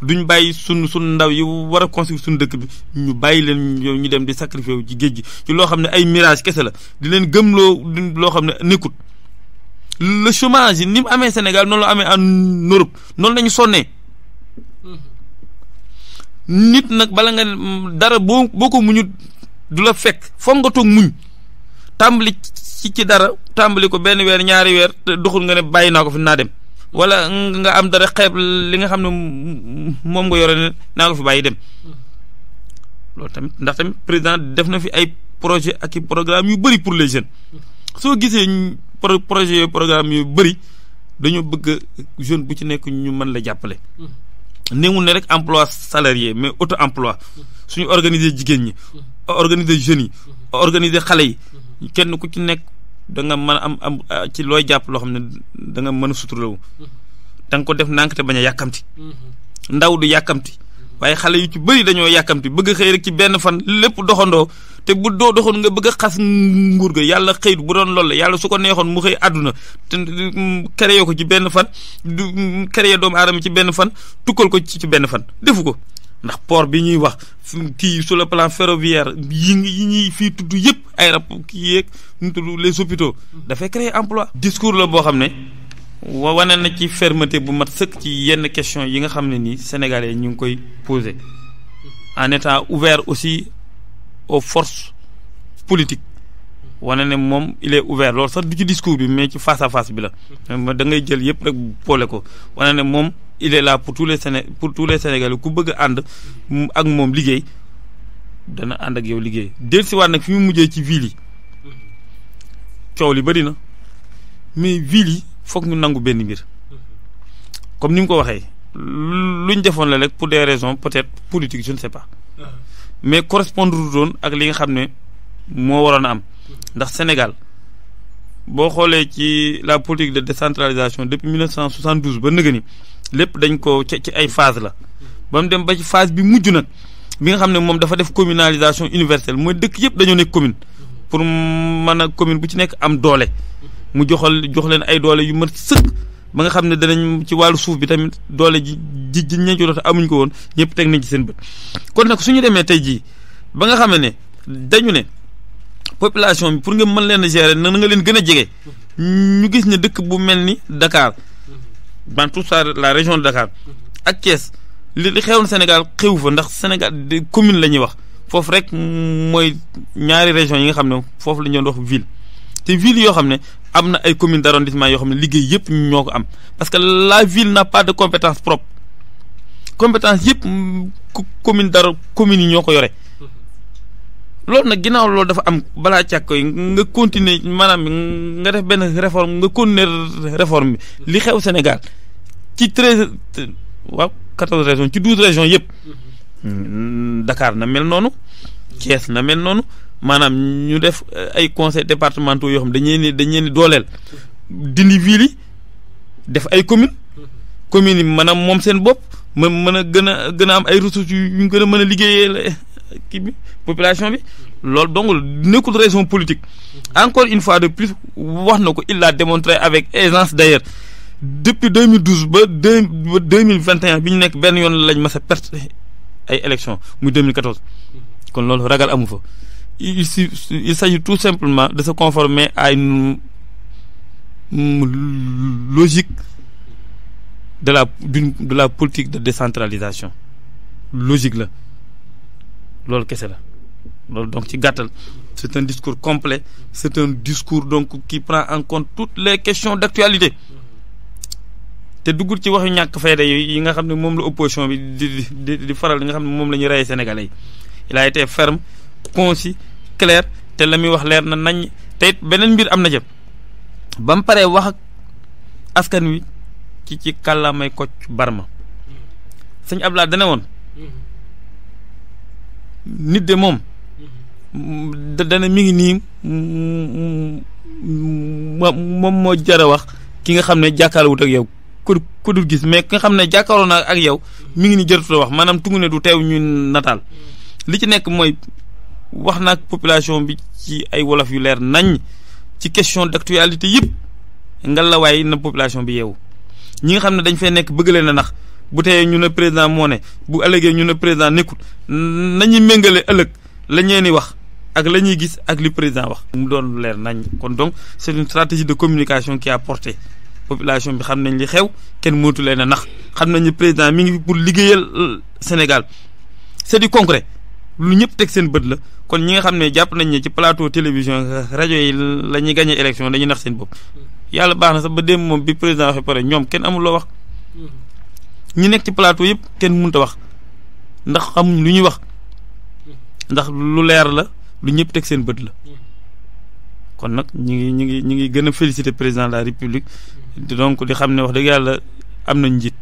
duñ bàyyi sun sun ndaw yi war a construire suñu dëkk bi ñu bàyyi leen ñu dem di sacrifier wu ci géej gi ci loo xam ne ay mirage kese la di leen gëm loo loo xam ne nekkut le chômage yi ni mu amee Sénégal noonu la amee en Europe noonu la ñu sonnee. nit nag bala nga dara boo boo ko muñut du la fekk foog nga toog muñ tàmbali ci ci dara tàmbali ko benn weer ñaari weer te doxul nga ne bàyyi naa ko fi naa dem wala nga am dara xeeb li nga xam ne moom nga yore ne naa ko fi bàyyi dem loolu tamit ndax tamit président def na fi ay projet ak i programme yu bëri pour les jeunes soo gisee projet yooyu programme yu bëri dañoo bëgg jeune bu ci nekk ñu mën la jàppale néewul ne rek emploi salarié mais auto emploi suñu organiser jigéen ñi organiser jeunes yi organiser xale yi kenn ku ci nekk da nga mën a am am ah, ci looy jàpp loo xam ne da nga mën a suturlawu da nga ko def nànk te a yàkkamti mhm. ndaw du yàkkamti waaye xale yu ci bëri dañoo yàkkamti bëgg xëy rek ci benn fan lépp doxandoo te bu doo doxoon nga bëgg a xas nguur ga yàlla xëyut bu doon loolu la yàlla su ko neexoon mu xëy àdduna te créé ko ci benn fan du créé doomu aadama ci benn fan tukkal ko ci ci benn fan defu ko ndax port bi ñuy wax kii sur le plan ferroviaire yi yi ñuy fii tudd yëpp ay rab kii yeeg ñu tudd les hôpitaux dafay créer emploi discours la boo xam ne wa wane na ci fermeté bu mat sëkk ci yenn question yi nga xam ne nii sénégalais ñu ngi koy posé en état ouvert aussi au forces politique wane ne moom il est ouvert loolu sax du ci discours bi mais ci face à face bi la da ngay jël yëpp rek boole ko wane ne moom il la là pour tous les Séné pour tous les sénégalais ku bëgg a ànd ak moom liggéey dana ànd ak yow liggéey si dellusiwaat nag fi mu mujjee ci ville coow li bëri na mais ville foog ñu nangu benn mbir comme ni mu ko waxee lu ñu defoon la rek pour des raison peut-être politiques je ne sais pas uh-huh. mais correspondre doon ak li nga xam ne moo waroon a am uh-huh. ndax Sénégal boo xoolee ci la politique de décentralisation depuis 1972 ba nëgë ni lépp dañ ko ci ci ay phase la uh-huh. ba mu dem ba ci phase bi mujj nag bi nga xam ne moom dafa def communalisation universelle mooy dëkk yëpp dañoo nekk commune pour mën a commune bu ci nekk am doole mu joxal jox leen ay doole yu mën sëkk ba nga xam ne danañ ci wàllu suuf bi tamit doole ji ji ji ña jot amuñ ko woon ñëpp teg nañ ci seen bët. kon nag suñu demee tey jii ba nga ne dañu ne population bi pour nga mën leen a gérer na nga leen gën a jege ñu gis ne dëkk bu mel ni Dakar dans toute la région de Dakar ak Thiès li li xewoon Sénégal xewu fa ndax Sénégal commune la ñuy wax. foofu rek mooy ñaari région yi nga xam ne foofu la ñu doon wax ville te ville yoo xam ne am na ay communes d'arrondissement yoo xam ne liggéey yëpp ñoo ko am parce que la ville n'a pas de compétence propre compétence yëpp commune dara communes yi ñoo ko yore loolu nag ginnaaw loolu dafa am balaa ca yi nga continuer maanaam nga def benn réforme nga continuer réforme bi li xew Sénégal ci treize waaw quatorze régions ci douze régions yëpp mm-hmm. Dakar na mel noonu Thiès na mel noonu maanaam ñu def euh, ay conseil départementaux yoo xam dañu leen dañu leen dooleel dindi ville def ay communes commune yi maanaam moom seen bopp mën mën a gën a gën a am ay ressources yu ñu gën a mën a liggéeyee kii bi population bi loolu donc nekkul raison politique encore une fois de plus wax na ko il l'a démontré avec aisance d'ailleurs depuis 2012 ba deux vingt 2021 bi ñu nekk benn yoon lañ mas a perte ay élections muy 2014 kon loolu ragal amu fa. il il s'agit tout simplement de se conformer à une logique de la d'une de la politique de décentralisation logique la loolu kese la loolu donc ci gàttal c'est un discours complet c'est un discours donc qui prend en compte toutes les questions d'actualité te duggul ci waxu ñàkk fayda yi nga xam ne moom la opposition bi di di di faral di nga xam ne moom la ñuy rey sénégalais yi il a été ferme concis clair te la muy wax leer na nañ te beneen mbir am na jëm ba mu paree wax ak askan wi ci ci kàllaamay Kocc Barma sëñ Abdoulaye dane woon nit de moom dana mi ngi nii moom moo jar a wax ki nga xam ne jàkkaarlawut ak yow ku ku dul gis mais ki nga xam ne jàkkaarloo na ak yow mu ngi ni jërëtul wax maanaam tungu ne du teew ñu nataal li ci nekk mooy wax naag population bi ci ay wolof yu leer nañ ci question d'actualité yëpp ngallaawaay na population bi yeewu ñi nga xam ne dañ fee nekk bëgg leen a nax bu teyee ñu ne président moo ne bu ëllëgee ñu ne président nekkul nañuy méngale ëllëg la ñeen di wax ak la ñuy gis ak li président wax. mu doon leer nañ kon donc c'est une stratégie de communication ki a porté population bi xam nañ li xew kenn mootu leen a nax xam nañu président mi ngi pour liggéeyal Sénégal c'est du concret. lu ñëpp teg seen bët la kon ñi nga xam ne jàpp nañ ne ci plateau télévision rajo yi la ñuy gagné élection dañuy nax seen bopp yàlla baax na sax ba démb moom bi président waxee pare ñoom kenn amul loo wax ñi nekk ci palaato yëpp kenn mënut a wax ndax xamuñ lu ñuy wax ndax lu leer la lu ñëpp teg seen bët la kon nag ñu ngi ñu ngi ñu ngi gën a féliciter président la république donc di xam ne wax dëgg yàlla am na njiit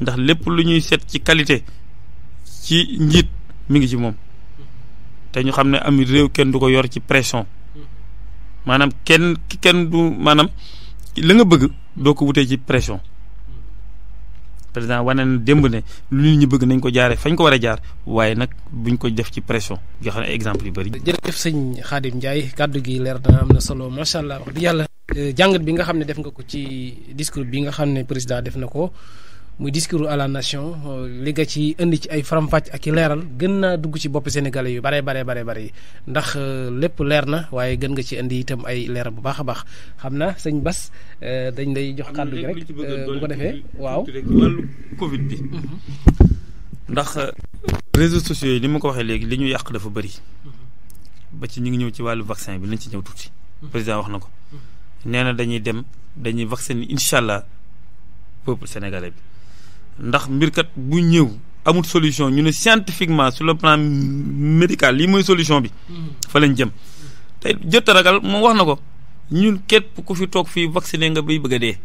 ndax lépp lu ñuy seet ci qualité ci njiit mi ngi ci moom te ñu xam ne am réew kenn du ko yor ci pression maanaam kenn kenn du maanaam la nga bëgg doo ko wutee ci pression président wane na démb ne lu ñu bëgg nañ ko jaaree fañ ko war a jaar waaye nag buñ ko def ci pression yoo xam ne exemple yu bëri. jërëjëf sëñ Khadim Ndiaye kàddu gi leer na am na solo macha allah wax dëgg yàlla jàngat bi nga xam ne def nga ko ci discours bi nga xam ne président def na ko. muy discours à la nation euh, li nga ci indi ci ay faram-fàcc ak i leeral gën naa dugg ci bopp sénégalais yu bare bare bare bare yi ndax euh, lépp leer na waaye gën nga ci indi itam ay leeral bu baax a baax xam na sëñ Bas euh, dañ lay jox kàddu gi rek bu ko defee waaw wàllu Covid bi. Mhm. ndax réseaux sociaux yi ni ma ko waxee léegi li ñu yàq dafa bëri. ba ci ñu ngi ñëw ci wàllu vaccin bi lañ ci ñëw tuuti. Mhm. président wax na ko. Mhm. nee na dañuy dem dañuy vacciner incha allah peuple sénégalais ndax mbirkat bu ñëw amul solution ñu ne scientifiquement su le plan médical lii mooy solution bi. Mm. fa lañ jëm tey jot a ragal moom wax na ko ñun képp ku fi toog fii vacciné nga bay bëgg a dee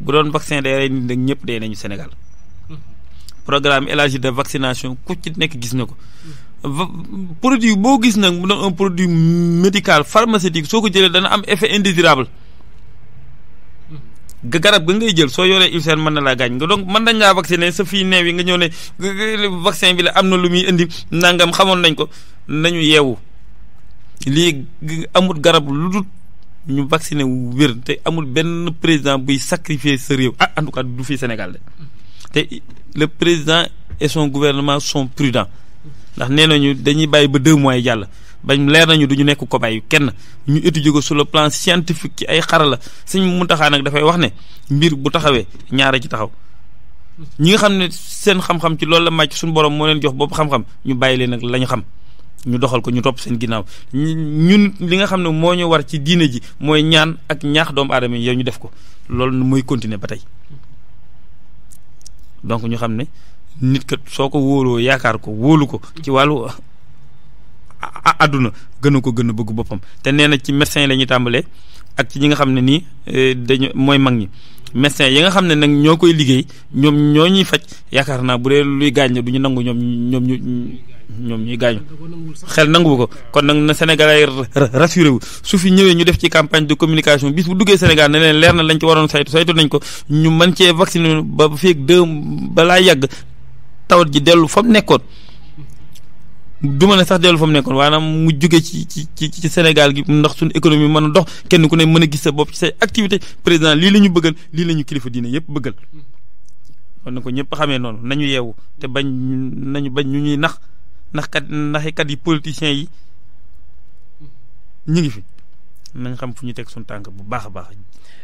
bu doon vaccin de rey nit nag ñëpp dee nañu Sénégal. Mm-hmm. programme élargi de vaccination ku ci nekk gis na ko. Mm-hmm. produit boo gis nag mu doon un produit médical pharmaceutique soo ko jëlee dana am effet indésirable. garab ga ngay jël soo yoree ulcère mën na laa gaañ nga donc mën nañ laa vacciner sa fii neew yi nga ñëw ne vaccin bi la am na lu muy indi nangam xamoon nañ ko nañu yeewu lii amul garab lu dul ñu vacciner wu wér te amul benn président buy sacrifier sa réew ah en tout cas du fii Sénégal de te le président et son gouvernement son prudents ndax nee nañu dañuy bàyyi ba deux mois yi jàll bañ leer nañu du ñu nekk cobaye kenn ñu étudier ko sur le plan scientifique ci ay xarala sëñ Muntaxa nag dafay wax ne mbir bu taxawee ñaara ci taxaw ñi nga xam ne seen xam-xam ci loolu la màcc suñu borom moo leen jox boobu xam-xam ñu bàyyi leen nag lañu xam ñu doxal ko ñu topp seen ginnaaw ñun li nga xam ne moo ñu war ci diine ji mooy ñaan ak ñaax doomu aadama yi ñu def ko loolu mooy continuer ba tey donc ñu xam ne nit kat soo ko wóoloo yaakaar ko ko ci wàllu a àdduna gënu ko gën a bëgg boppam te nee na ci médecins yi la ñuy tàmbalee ak ci ñi nga xam ne nii eh, dañu mooy mag ñi médecins yi nga xam ne nag ñoo koy liggéey ñoom ñoo ñuy faj yaakaar naa bu dee luy gaañ la du ñu nangu ñoom ñoom ñu ñoom ñuy gaañu xel nanguwu ko kon nag na Sénégalais rassuré wu su fi ñëwee ñu def ci campagne de communication bis bu duggee Sénégal ne leen leer na lañ ci waroon saytu saytu nañ ko ñu mën cee vacciner ba feeg deux balaa yàgg tawat du ma sax dellu fa mu nekkoon waaye mu jóge ci ci ci ci Sénégal gi ndax suñu économie mën a dox kenn ku ne mën a gis sa bopp ci say activité président lii la ñu bëggal lii la ñu kilifa diine yëpp bëggal. kon na ko ñëpp xamee noonu nañu yeewu te bañ nañu bañ ñu ñuy nax naxkat naxekat yi politiciens yi ñu ngi fi. nañ xam fu ñu teg suñu tànk bu baax a baax.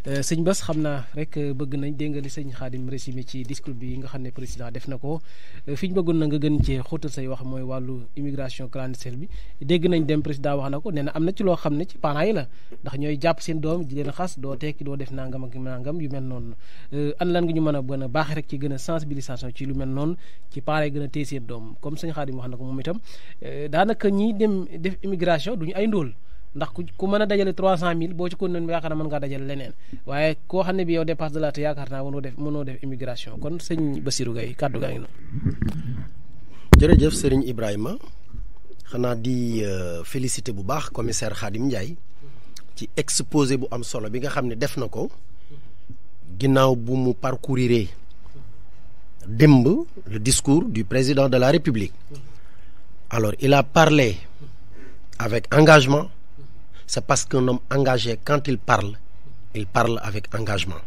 Euh, sëñ bas xam naa rek euh, bëgg nañ dégg nga li sëñ Xaadim résumé ci discours bi nga xam ne président def na ko euh, fi ñu bëggoon na nga gën cee xóotal say wax mooy wàllu immigration clandestine bi dégg nañ dem président wax na ko nee na am na ci loo xam ne ci parents yi la ndax ñooy jàpp seen doom di leen xas doo tekki doo nangam ak nangam yu mel noonu an lan ñu mën a gën a baax rek ci gën a sensibilisation ci lu mel noonu ci parents yi gën a téye seen doom comme sëñ Xaadim wax na ko moom itam daanaka ñiy dem def immigration duñu ay ndóol ndax ku ku mën a dajale trois cent mille boo ci kon nen yaakaar naa mën ngaa dajale leneen waaye koo xam ne bi yow dépense de la te yaakaar naa mënoo def mënoo def immigration kon sëñ Bassirou Gueye kàddu gaa ngi noonu jërëjëf sëriñ Ibrahima xanaa di euh, félicité bu baax commissaire Khadim Ndiaye ci exposé bu am solo bi nga xam ne def na ko ginnaaw bu mu parcourir démb le discours du président de la République alors il a parlé avec engagement c'est parce qu'un homme engagé, quand il parle, il parle avec engagement.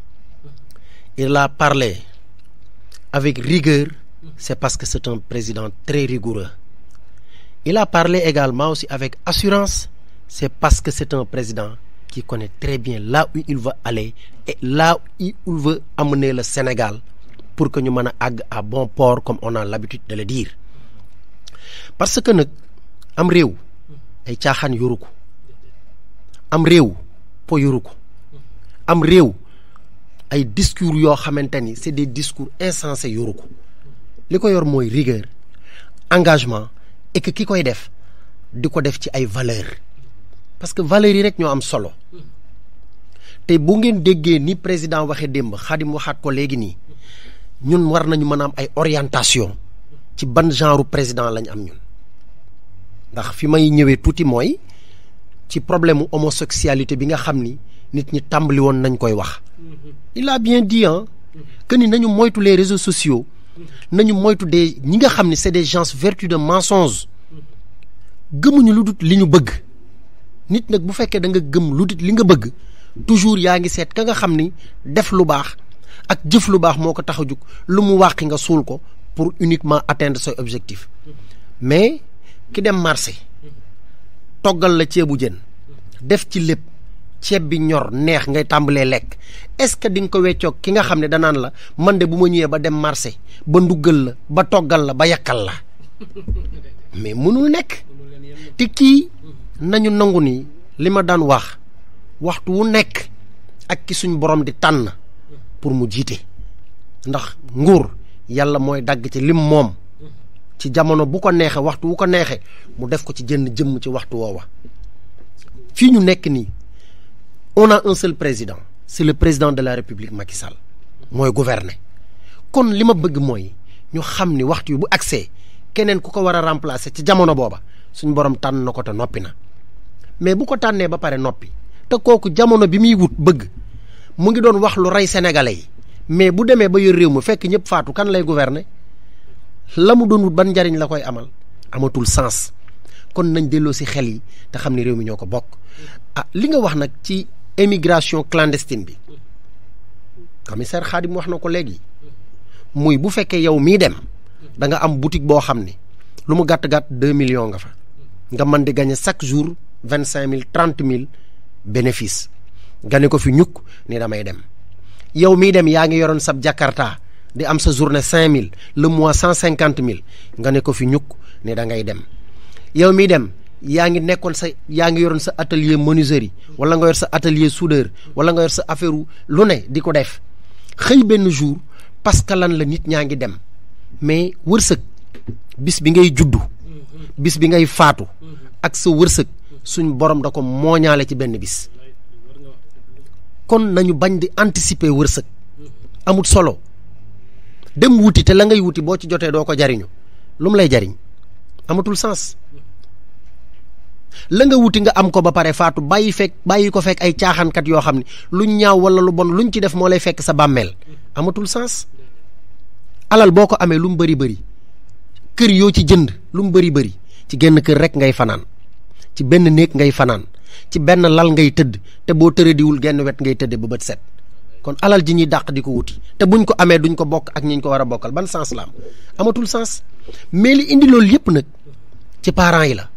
Il a parlé avec rigueur, c'est parce que c'est un président très rigoureux. Il a parlé également aussi avec assurance, c'est parce que c'est un président qui connaît très bien là où il aller et là où il amener le Sénégal pour que ñu mën a àgg à bon port comme on a l'habitude de le dire parce que nag réew ay caaxaan yoru ko am réew po yoru ko am réew ay discours yoo xamante ni c'est des discours insensés yoru ko li ko yor mooy rigueur engagement et que ki koy def di ko def ci ay valeur parce que valeurs yi rek ñoo am solo te bu ngeen déggee ni président waxee démb Xadim waxaat ko léegi nii ñun war nañu mën ay orientation ci ban genre président lañ am ñun ndax fi may ñëwee tuuti mooy ci problème mu homosexualité bi nga xam ni nit ñi tàmbali woon nañ koy wax. il a bien dit ah que ni nañu moytu les réseau sociaux nañu moytu des ñi nga xam ni c'est des gens vertu de mensonge gëmuñu lu dut li ñu bëgg nit nag bu fekkee da nga gëm lu dut li nga bëgg toujours yaa ngi seet ka nga xam ni def lu baax ak jëf lu baax moo ko tax a jug lu mu wàqi nga suul ko pour uniquement atteindre sa objectif mais ki dem marché. toggal la ceebu jën def ci lépp ceeb bi ñor neex ngay tàmbalee lekk est-ce que di nga ko weccoog ki nga xam ne danaan la man de bu ma ñëwee ba dem marché ba nduggal la ba toggal la ba yàkkal la mais mënul nekk te kii nañu nangu ni li ma daan wax waxtu wu nekk ak ki suñ borom di tànn pour mu jiite ndax nguur yàlla mooy dagg ci lim moom ci jamono bu ko neexee waxtu wu ko neexee mu def ko ci jënn jëmm ci waxtu woowa fii ñu nekk nii on a un seul président si le président de la république Macky Sall mooy gouverner kon li ma bëgg mooy ñu xam ni waxtu yi bu accès keneen ku ko war a remplacer ci jamono booba suñ borom tànn na ko te noppi na mais bu ko tànnee ba pare noppi te kooku jamono bi muy wut bëgg mu ngi doon wax lu rey sénégalais yi mais bu demee ba yor réew mi fekk ñëpp faatu kan lay gouverner. la mu doon wut ban njariñ la koy amal amatul sens kon nañ delloo si xel yi te xam ni réew mi ñoo ko bokk a ah, li nga wax nag ci émigration clandestine bi commissaire Khadim wax na ko léegi muy bu fekkee yow mii dem da nga am boutique boo xam ni lu mu gàtt gàtt deux millions nga fa nga mën di gagner chaque jour vingt cinq mille trente mille bénéfice gane ko fi ñukk ni damay dem yow mii dem yaa ngi yoroon sab jakarta di am sa journée cinq mille le mois cent cinquante mille nga ne ko fi ñukk ne da ngay dem yow miy dem yaa ngi nekkoon sa yaa ngi yoroon sa atelier menuiserie wala nga yor sa atelier soudeur wala nga yor sa affaire lu ne di ko def xëy benn jour parce que lan la nit ñaa ngi dem mais wërsëg bis bi ngay juddu bis bi ngay faatu ak sa wërsëg suñ borom da ko mooñaale ci benn bis kon nañu bañ di anticiper wërsëg amut solo. dem wuti te la ngay wuti boo ci jotee doo ko jariñu lu mu lay jariñ amatul sens la nga wuti nga am ko ba pare faatu bàyyi fekk bàyyi ko fekk ay caaxaankat yoo xam ne luñ ñaaw wala lu bon luñ ci def moo lay fekk sa bàmmeel amatul sens alal boo ko amee lu mu bari bëri kër yoo ci jënd lu mu bëri bëri ci genn kër rek ngay fanaan ci benn néeg ngay fanaan ci benn lal ngay tëdd te boo tëradiwul genn wet ngay tëdd ba bët set kon alal ji ñuy dàq di ko wuti te buñ ko amee duñ ko bokk ak ñiñ ko war a bokkal ban sens la am amatul sens mais li indi loolu yépp nag ci parents yi la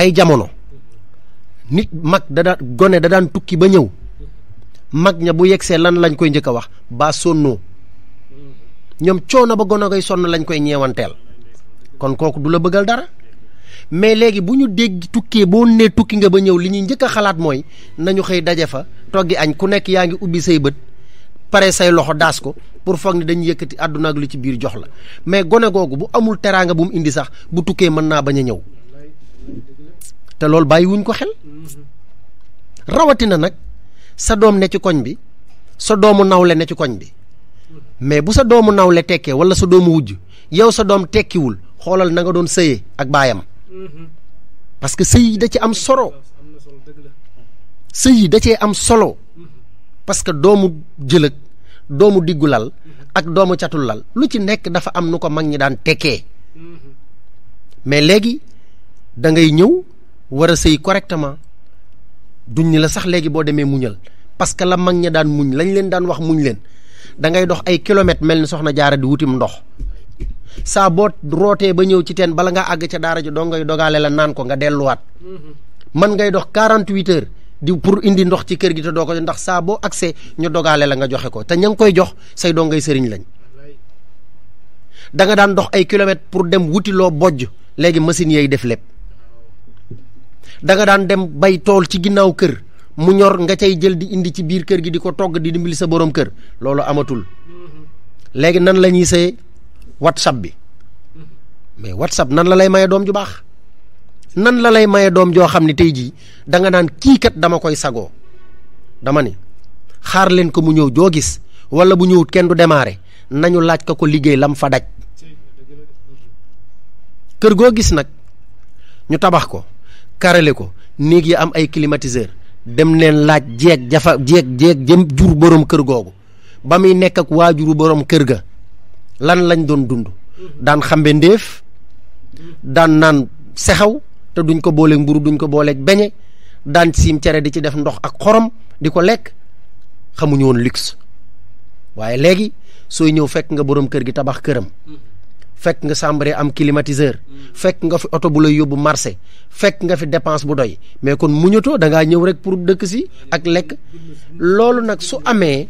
ay jamono nit mag da daan gone da daan tukki ba ñëw mag ña bu yegsee lan lañ koy njëkk a wax baa sonnoo ñoom coono ba gone koy sonn lañ koy ñeewanteel kon kooku du la bëggal dara mais léegi bu ñu dégg tukkee boo nee tukki nga ba ñëw li ñuy njëkk a xalaat mooy nañu xëy daje fa toggi añ ku nekk yaa ngi ubbi say bët pare say loxo daas ko pour foog ni dañuy yëkkati àdduna ak lu ci biir jox la mais gone googu bu amul teraanga bu mu indi sax bu tukkee mën naa bañ a ñëw te loolu bàyyiwuñ ko xel rawatina nag sa doom ne ci koñ bi sa doomu nawle ne ci koñ bi mais bu sa doomu nawle tekkee wala sa doomu wujj yow sa doom tekkiwul xoolal na nga doon sëyee ak baayam parce que sëy yi da ci am solo sëy yi da cee am solo parce que doomu jëlëg doomu diggu lal ak doomu catul lal lu ci nekk dafa am nu ko mag ñi daan tekkee mais léegi da ngay ñëw wara sëy correctement duñ la sax léegi boo demee muñal parce que la mag ñi daan muñ lañ leen daan wax muñ leen da ngay dox ay kilomètres mel ni soxna jaara di wutim ndox saa boo rootee ba ñëw ci teen bala nga àgg ca daara ji doo ngay dogale la naan ko nga delluwaat man mm-hmm. ngay dox quarant heures di pour indi ndox ci kër gi te doo ko ndax saa boo accès ñu dogale la nga joxe ko te ña nga koy jox say doo ngay sëriñ lañ da nga daan dox ay kilomètres pour dem wuti loo bojj léegi machine yay def lépp da daan dem bay tool ci ginnaaw kër mu ñor nga cay jël di indi ci biir kër gi di ko togg di dimbali sa boroom kër loolu amatul mm-hmm. léegi la ñuy sëye whatsapp bi mais whatsapp nan la lay maye doom ju baax nan la lay maye doom joo xam ne tey jii danga nga naan kii kat dama koy sagoo dama ni xaar leen ko mu ñëw joo gis wala bu ñëwut kenn du démarrer nañu laaj ko ko liggéey lam fa daj kër goo gis nag ñu tabax ko karale ko néeg yi am ay climatiseur dem leen laaj jeeg jafa jeeg jeeg jëm jur borom kër googu ba muy nekk ak juru borom kër ga lan lañ doon dund daan xambe ndéef daan naan sexew te duñ ko booleeg mburu duñ ko booleeg beñe daan siim cere di ci def ndox ak xorom di ko lekk xamuñu woon luxe waaye léegi sooy ñëw fekk nga borom kër gi tabax këram fekk nga sambaree am climatiseur fekk nga fi oto bu lay yóbbu marché fekk nga fi dépense bu doy mais kon muñatoo da ngaa ñëw rek pour dëkk si ak lekk loolu nag su amee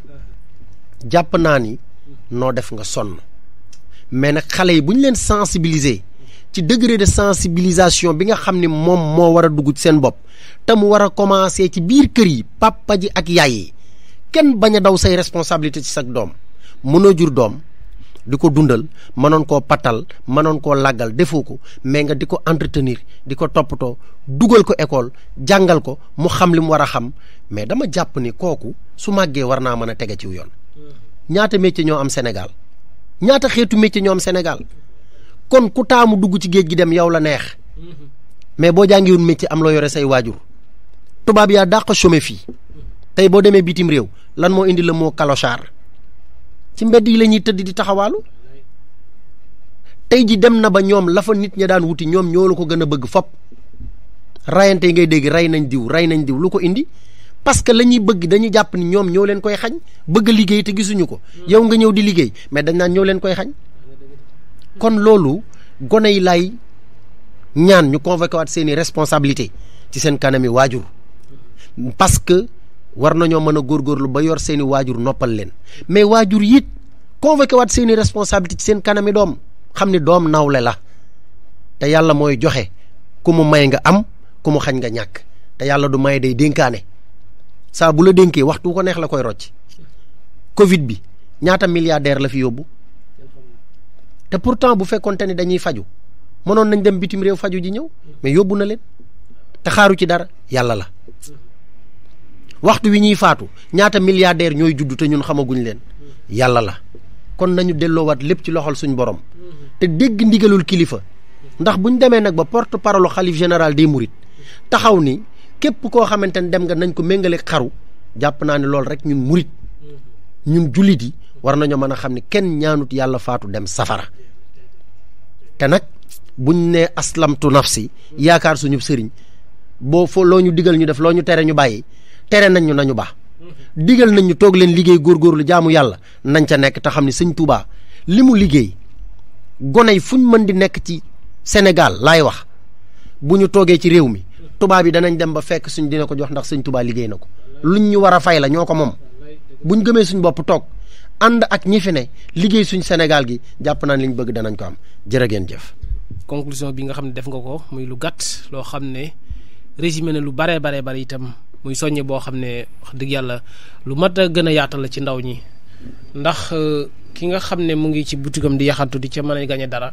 jàpp naa ni noo def nga sonn mais nag xale yi bu ñu leen sensibiliser ci degré de sensibilisation bi nga xam ni moom moo war a dugg ci seen bopp te mu war a commencer ci biir kër yi papa ji ak yaay yi kenn bañ a daw say responsabilité ci sag doom mënoo jur doom di ko dundal mënoon koo pattal mënoon koo làggal defoo ko mais nga di ko entretenir di ko toppatoo dugal ko école jàngal ko mu xam li mu war a xam mais dama jàpp ni kooku su màggee war naa mën a tege ci yoon mm. ñaata métier ñoo am Sénégal ñaata xeetu métier ñoo am Sénégal kon ku taamu dugg ci géej gi dem yow la neex mais boo jàngiwul métier am loo yore say waajur tubaab yaa dàq some fii tey boo demee bitim réew lan moo indi la moo kalochaar ci mbedd yi la ñuy tëdd di taxawaalu tey ji dem na ba ñoom la fa nit ña daan wuti ñoom ñoo la ko gën a bëgg fop rayante yi ngay dégg rey nañ diw rey nañ diw lu ko indi parce que la bëgg dañuy jàpp ni ñoom ñëw leen koy xañ bëgg a liggéey te gisuñu ko yow nga ñëw di liggéey mais dañ naan ñoo leen koy xañ kon loolu gone yi lay ñaan ñu convoqué waat seen i responsabilité ci seen kanami waajur parce que war nañoo mën a góor góorlu ba yor seeni waajur noppal leen mais waajur yit convoqué waat seen i responsabilité ci seen kanami doom xam ni doom nawle la te yàlla mooy joxe ku mu may nga am ku mu xañ nga ñàkk te yàlla du may day dénkaane saa bu la dénkee waxtu ko neex la koy rocc Covid bi ñaata milliardaire la fi yóbbu te pourtant bu fekkonte ni dañuy faju mënoon nañ dem bitim réew faju ji ñëw mais yóbbu na leen te xaaru ci dara yàlla la waxtu wi ñuy faatu ñaata milliardaire ñooy juddu te ñun xamaguñ leen yàlla la kon nañu delloowaat lépp ci loxol suñ borom te dégg ndigalul kilifa ndax bu buñ demee nag ba porte parole xalif général des mourides taxaw ni képp koo xamante ne dem nga nañ ko méngale xaru jàpp naa ne loolu rek ñun murit ñun jullit yi war nañoo mën a xam ne kenn ñaanut yàlla faatu dem safara te nag buñ ne aslamtu nafsi yaakaar suñu sëriñ boo foo loo ñu digal ñu def loo ñu tere ñu bàyyi tere nañ ñu nañu baax digal nañ ñu toog leen liggéey góor góorgóorlu jaamu yàlla nañ ca nekk te xam ni sëñ Tuubaa li mu liggéey gone yi fuñ mën di nekk ci senegal laay wax bu ñu toogee ci réew mi tubaab yi danañ dem ba fekk suñ dina ko jox ndax suñ tubaab liggéey na ko luñ ñu war a fay la ñoo ko moom bu ñu gëmee suñ bopp toog ànd ak ñi ne liggéey suñ senegal gi jàpp naa liñ bëgg danañ ko am jërë ngeen jëf. conclusion bi nga xam ne def nga ko muy lu gàtt loo xam ne résumé na lu baree baree bari itam muy soññe boo xam ne wax dëgg yàlla lu mat a gën a yaatal la ci ndaw ñi ndax euh, ki nga xam ne mu ngi ci butigam di yaxantu di ca mën a gañe dara.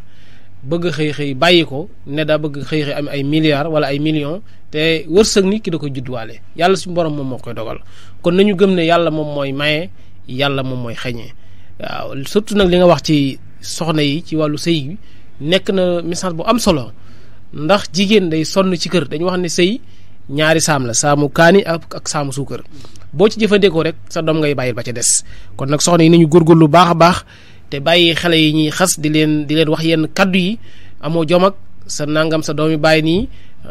bëgg xëy xëy bàyyi ko ne daa bëgg xëy xëy am ay milliards wala ay million te wërsëg ni ki da ko judduwaale yàlla suñu borom moom moo koy dogal kon nañu gëm ne yàlla moom mooy maye yàlla moom mooy xëñee waaw surtout nag li nga wax ci soxna yi ci wàllu sëy bi nekk na message bu am solo ndax jigéen day sonn ci kër dañu wax ne sëy ñaari saam la saamu kaani ak ak saamu suukar boo ci jëfandikoo rek sa doom ngay bàyyi ba ca des kon nag soxna yi nañu góorgóorlu lu baax a baax. te bàyyi xale yi ñuy xas di leen di leen wax yenn kàddu yi amoo jom ak sa nangam sa doomi bàyyi nii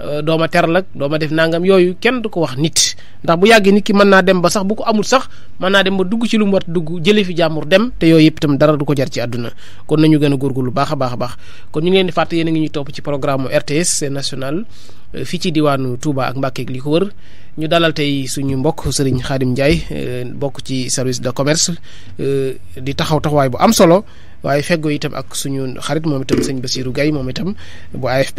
euh, dooma ter ak dooma def nangam yooyu kenn du ko wax nit ndax bu yàggee nit ki mën naa dem ba sax bu ko amul sax mën naa dem ba dugg ci lu mu war dugg jëlee fi jàmbur dem te yooyu yëpp itam dara du ko jar ci àdduna kon nañu gën a lu baax a baax a baax kon ñu ngi leen di fàtte yéen ngi ñuy topp ci programme RTS national euh, fii ci diwaanu Touba ak Mbàkke ak ko wër ñu dalal tey suñu mbokk Serigne Khadim Ndiaye euh, bokk ci service de commerce euh, di taxaw taxawaay bu am solo waaye feggoo itam ak suñu xarit moom itam sëñ Bassirou gay moom itam bu AFP.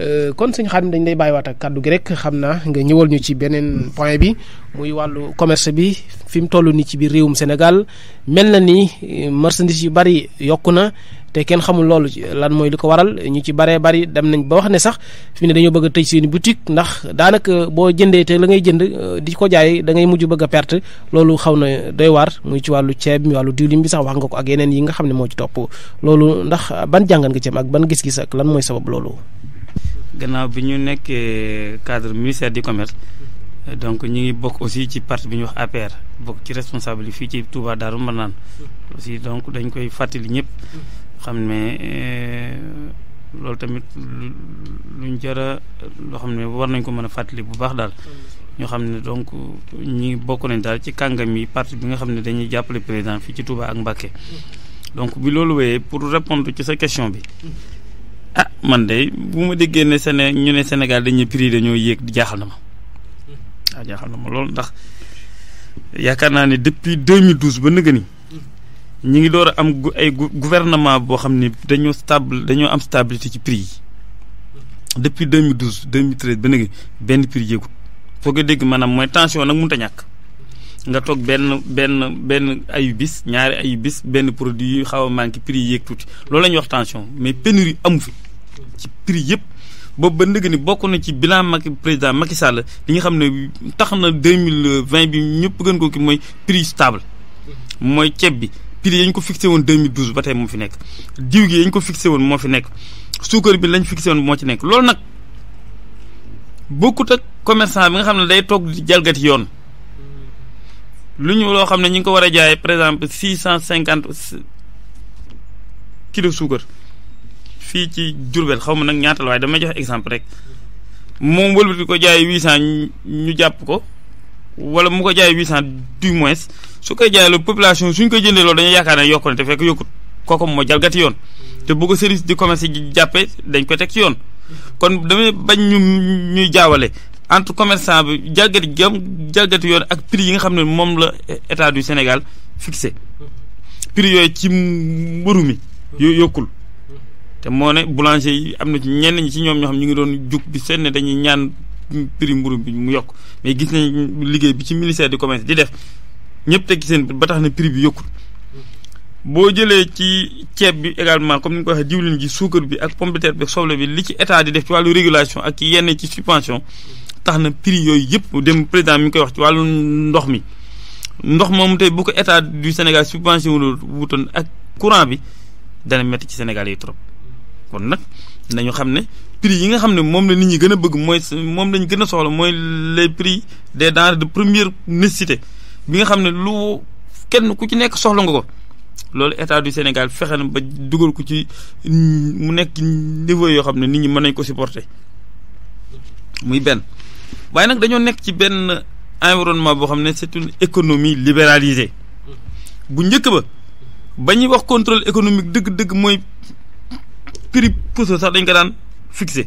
Euh, kon sëñ Khadim dañ lay bàyyiwaat ak kàddu gi rek xam naa nga ñëwal ñu ci beneen point bi muy wàllu commerce bi fi mu toll nii ci biir réewum Sénégal mel na ni marchandise yu bari yokku na. te kenn xamul loolu lan mooy li ko waral ñu ci bare bari dem nañ ba wax ne sax fi ne dañoo bëgg a tëj seeni boutique ndax daanaka boo jëndee te la ngay jënd euh, di ko jaay da ngay mujj bëgg a perte loolu xaw na doy waar muy ci wàllu ceeb mi wàllu diwlin bi sax wax nga ko ak yeneen yi nga xam ne moo ci topp loolu ndax ban jàngat nga ci am ak ban gis-gis ak lan mooy sabab loolu. gannaaw bi ñu nekkee cadre ministère di commerce donc ñu ngi bokk aussi ci parti bi ñuy wax APR bokk ci responsable fii ci Touba Darou Marnaan aussi donc dañ koy fàttali ñëpp. xam ne e, loolu tamit luñ jara loo xam ne war nañ ko mën a fàttali bu baax daal ñoo xam ne donc ñi bokk nañ daal ci kàngam yi parti bi nga xam ne dañuy jàppale président fii ci Touba ak Mbacké donc bi loolu wéyee pour répondre ci sa question bi ah man de bu ma déggee ne Séné ñu ne Sénégal dañuy prix dañoo yéeg jaaxal na ma waaw ah, jaaxal na ma loolu ndax yaakaar naa ne depuis 2012 ba nëgë ni ñu ngi door a am ay gu gouvernement boo xam ne dañoo stable dañoo am stabilité ci prix yi depuis 2012 2013 ba léegi benn prix yéegul foo ko dégg maanaam mooy tension nag mënut a ñàkk nga toog benn benn benn ayu bis ñaari ayu bis benn produit yu xaw a manqué prix yéeg tuuti loolu la ñuy wax tension mais pénurie amu fi ci prix yëpp boobu ba ndëgg ni bokk na ci bilan Macky président Macky Sall li nga xam ne tax na deux mille 2020 bi ñëpp gën ko ki mooy prix stable mooy ceeb bi prix yañ ko fixé woon 2012 ba tey moo fi nekk diw gi yañ ko fixé woon moo fi nekk suukar bi lañ fixé woon moo ci nekk loolu nag bokkut ak commerçant bi nga xam ne day toog di jalgati yoon lu ñu loo xam ne ñu ngi ko war a jaayee par exemple six cent cinquante kilo suukar fii ci Diourbel xaw ma nag ñaatal waaye dama joxe exemple rek moom wëlbati ko jaay huit cent ñu jàpp ko wala mu ko jaay huit cent du moins su koy jaay loolu population suñ ko jëndee loolu dañuy yaakaar ne yokku na te yokkut kooku moo jalgati yoon te bu service du commerce yi dañ ko teg yoon kon damay bañ ñu ñuy jaawale entre commerçant bi jalgati gam jalgati yoon ak prix yi nga xam ne moom la état du Sénégal fixé prix yooyu ci mburu mi yooyu yokkul te moo ne boulanger yi am na ci ñenn ñi ci ñoom ñoo xam ñu ngi doon jug bi seen ne dañuy ñaan prix mburu bi mu yokk mais gis nañ liggéey bi ci ministère du commerce di def ñëpp teg ci seen ba tax na prix bi yokkul boo jëlee ci ceeb bi également comme ni nga ko waxee diwlin ji suukar bi ak pomme de terre bi soble bi li ci état di def ci wàllu régulation ak yenn ci subvention tax na prix yooyu yëpp dem président mi ngi koy wax ci wàllu ndox mi ndox moom tey bu ko état du Sénégal wu subventionné wutoon ak courant bi dana métti ci Sénégal yi trop kon nag nañu xam ne prix yi nga xam ne moom la nit ñi gën a bëgg mooy moom lañ gën a soxla mooy les prix des denrées de première nécessité bi nga xam ne lu kenn ku ci nekk soxla nga ko loolu état du Sénégal fexe na ba dugal ko ci mu nekk niveau yoo xam ne nit ñi mën nañ ko supporter muy benn waaye nag dañoo nekk ci benn environnement boo xam ne c'est une économie libéralisée bu njëkk ba ba ñuy wax contrôle économique dëgg-dëgg mooy prix pousse sax dañ ko daan fixé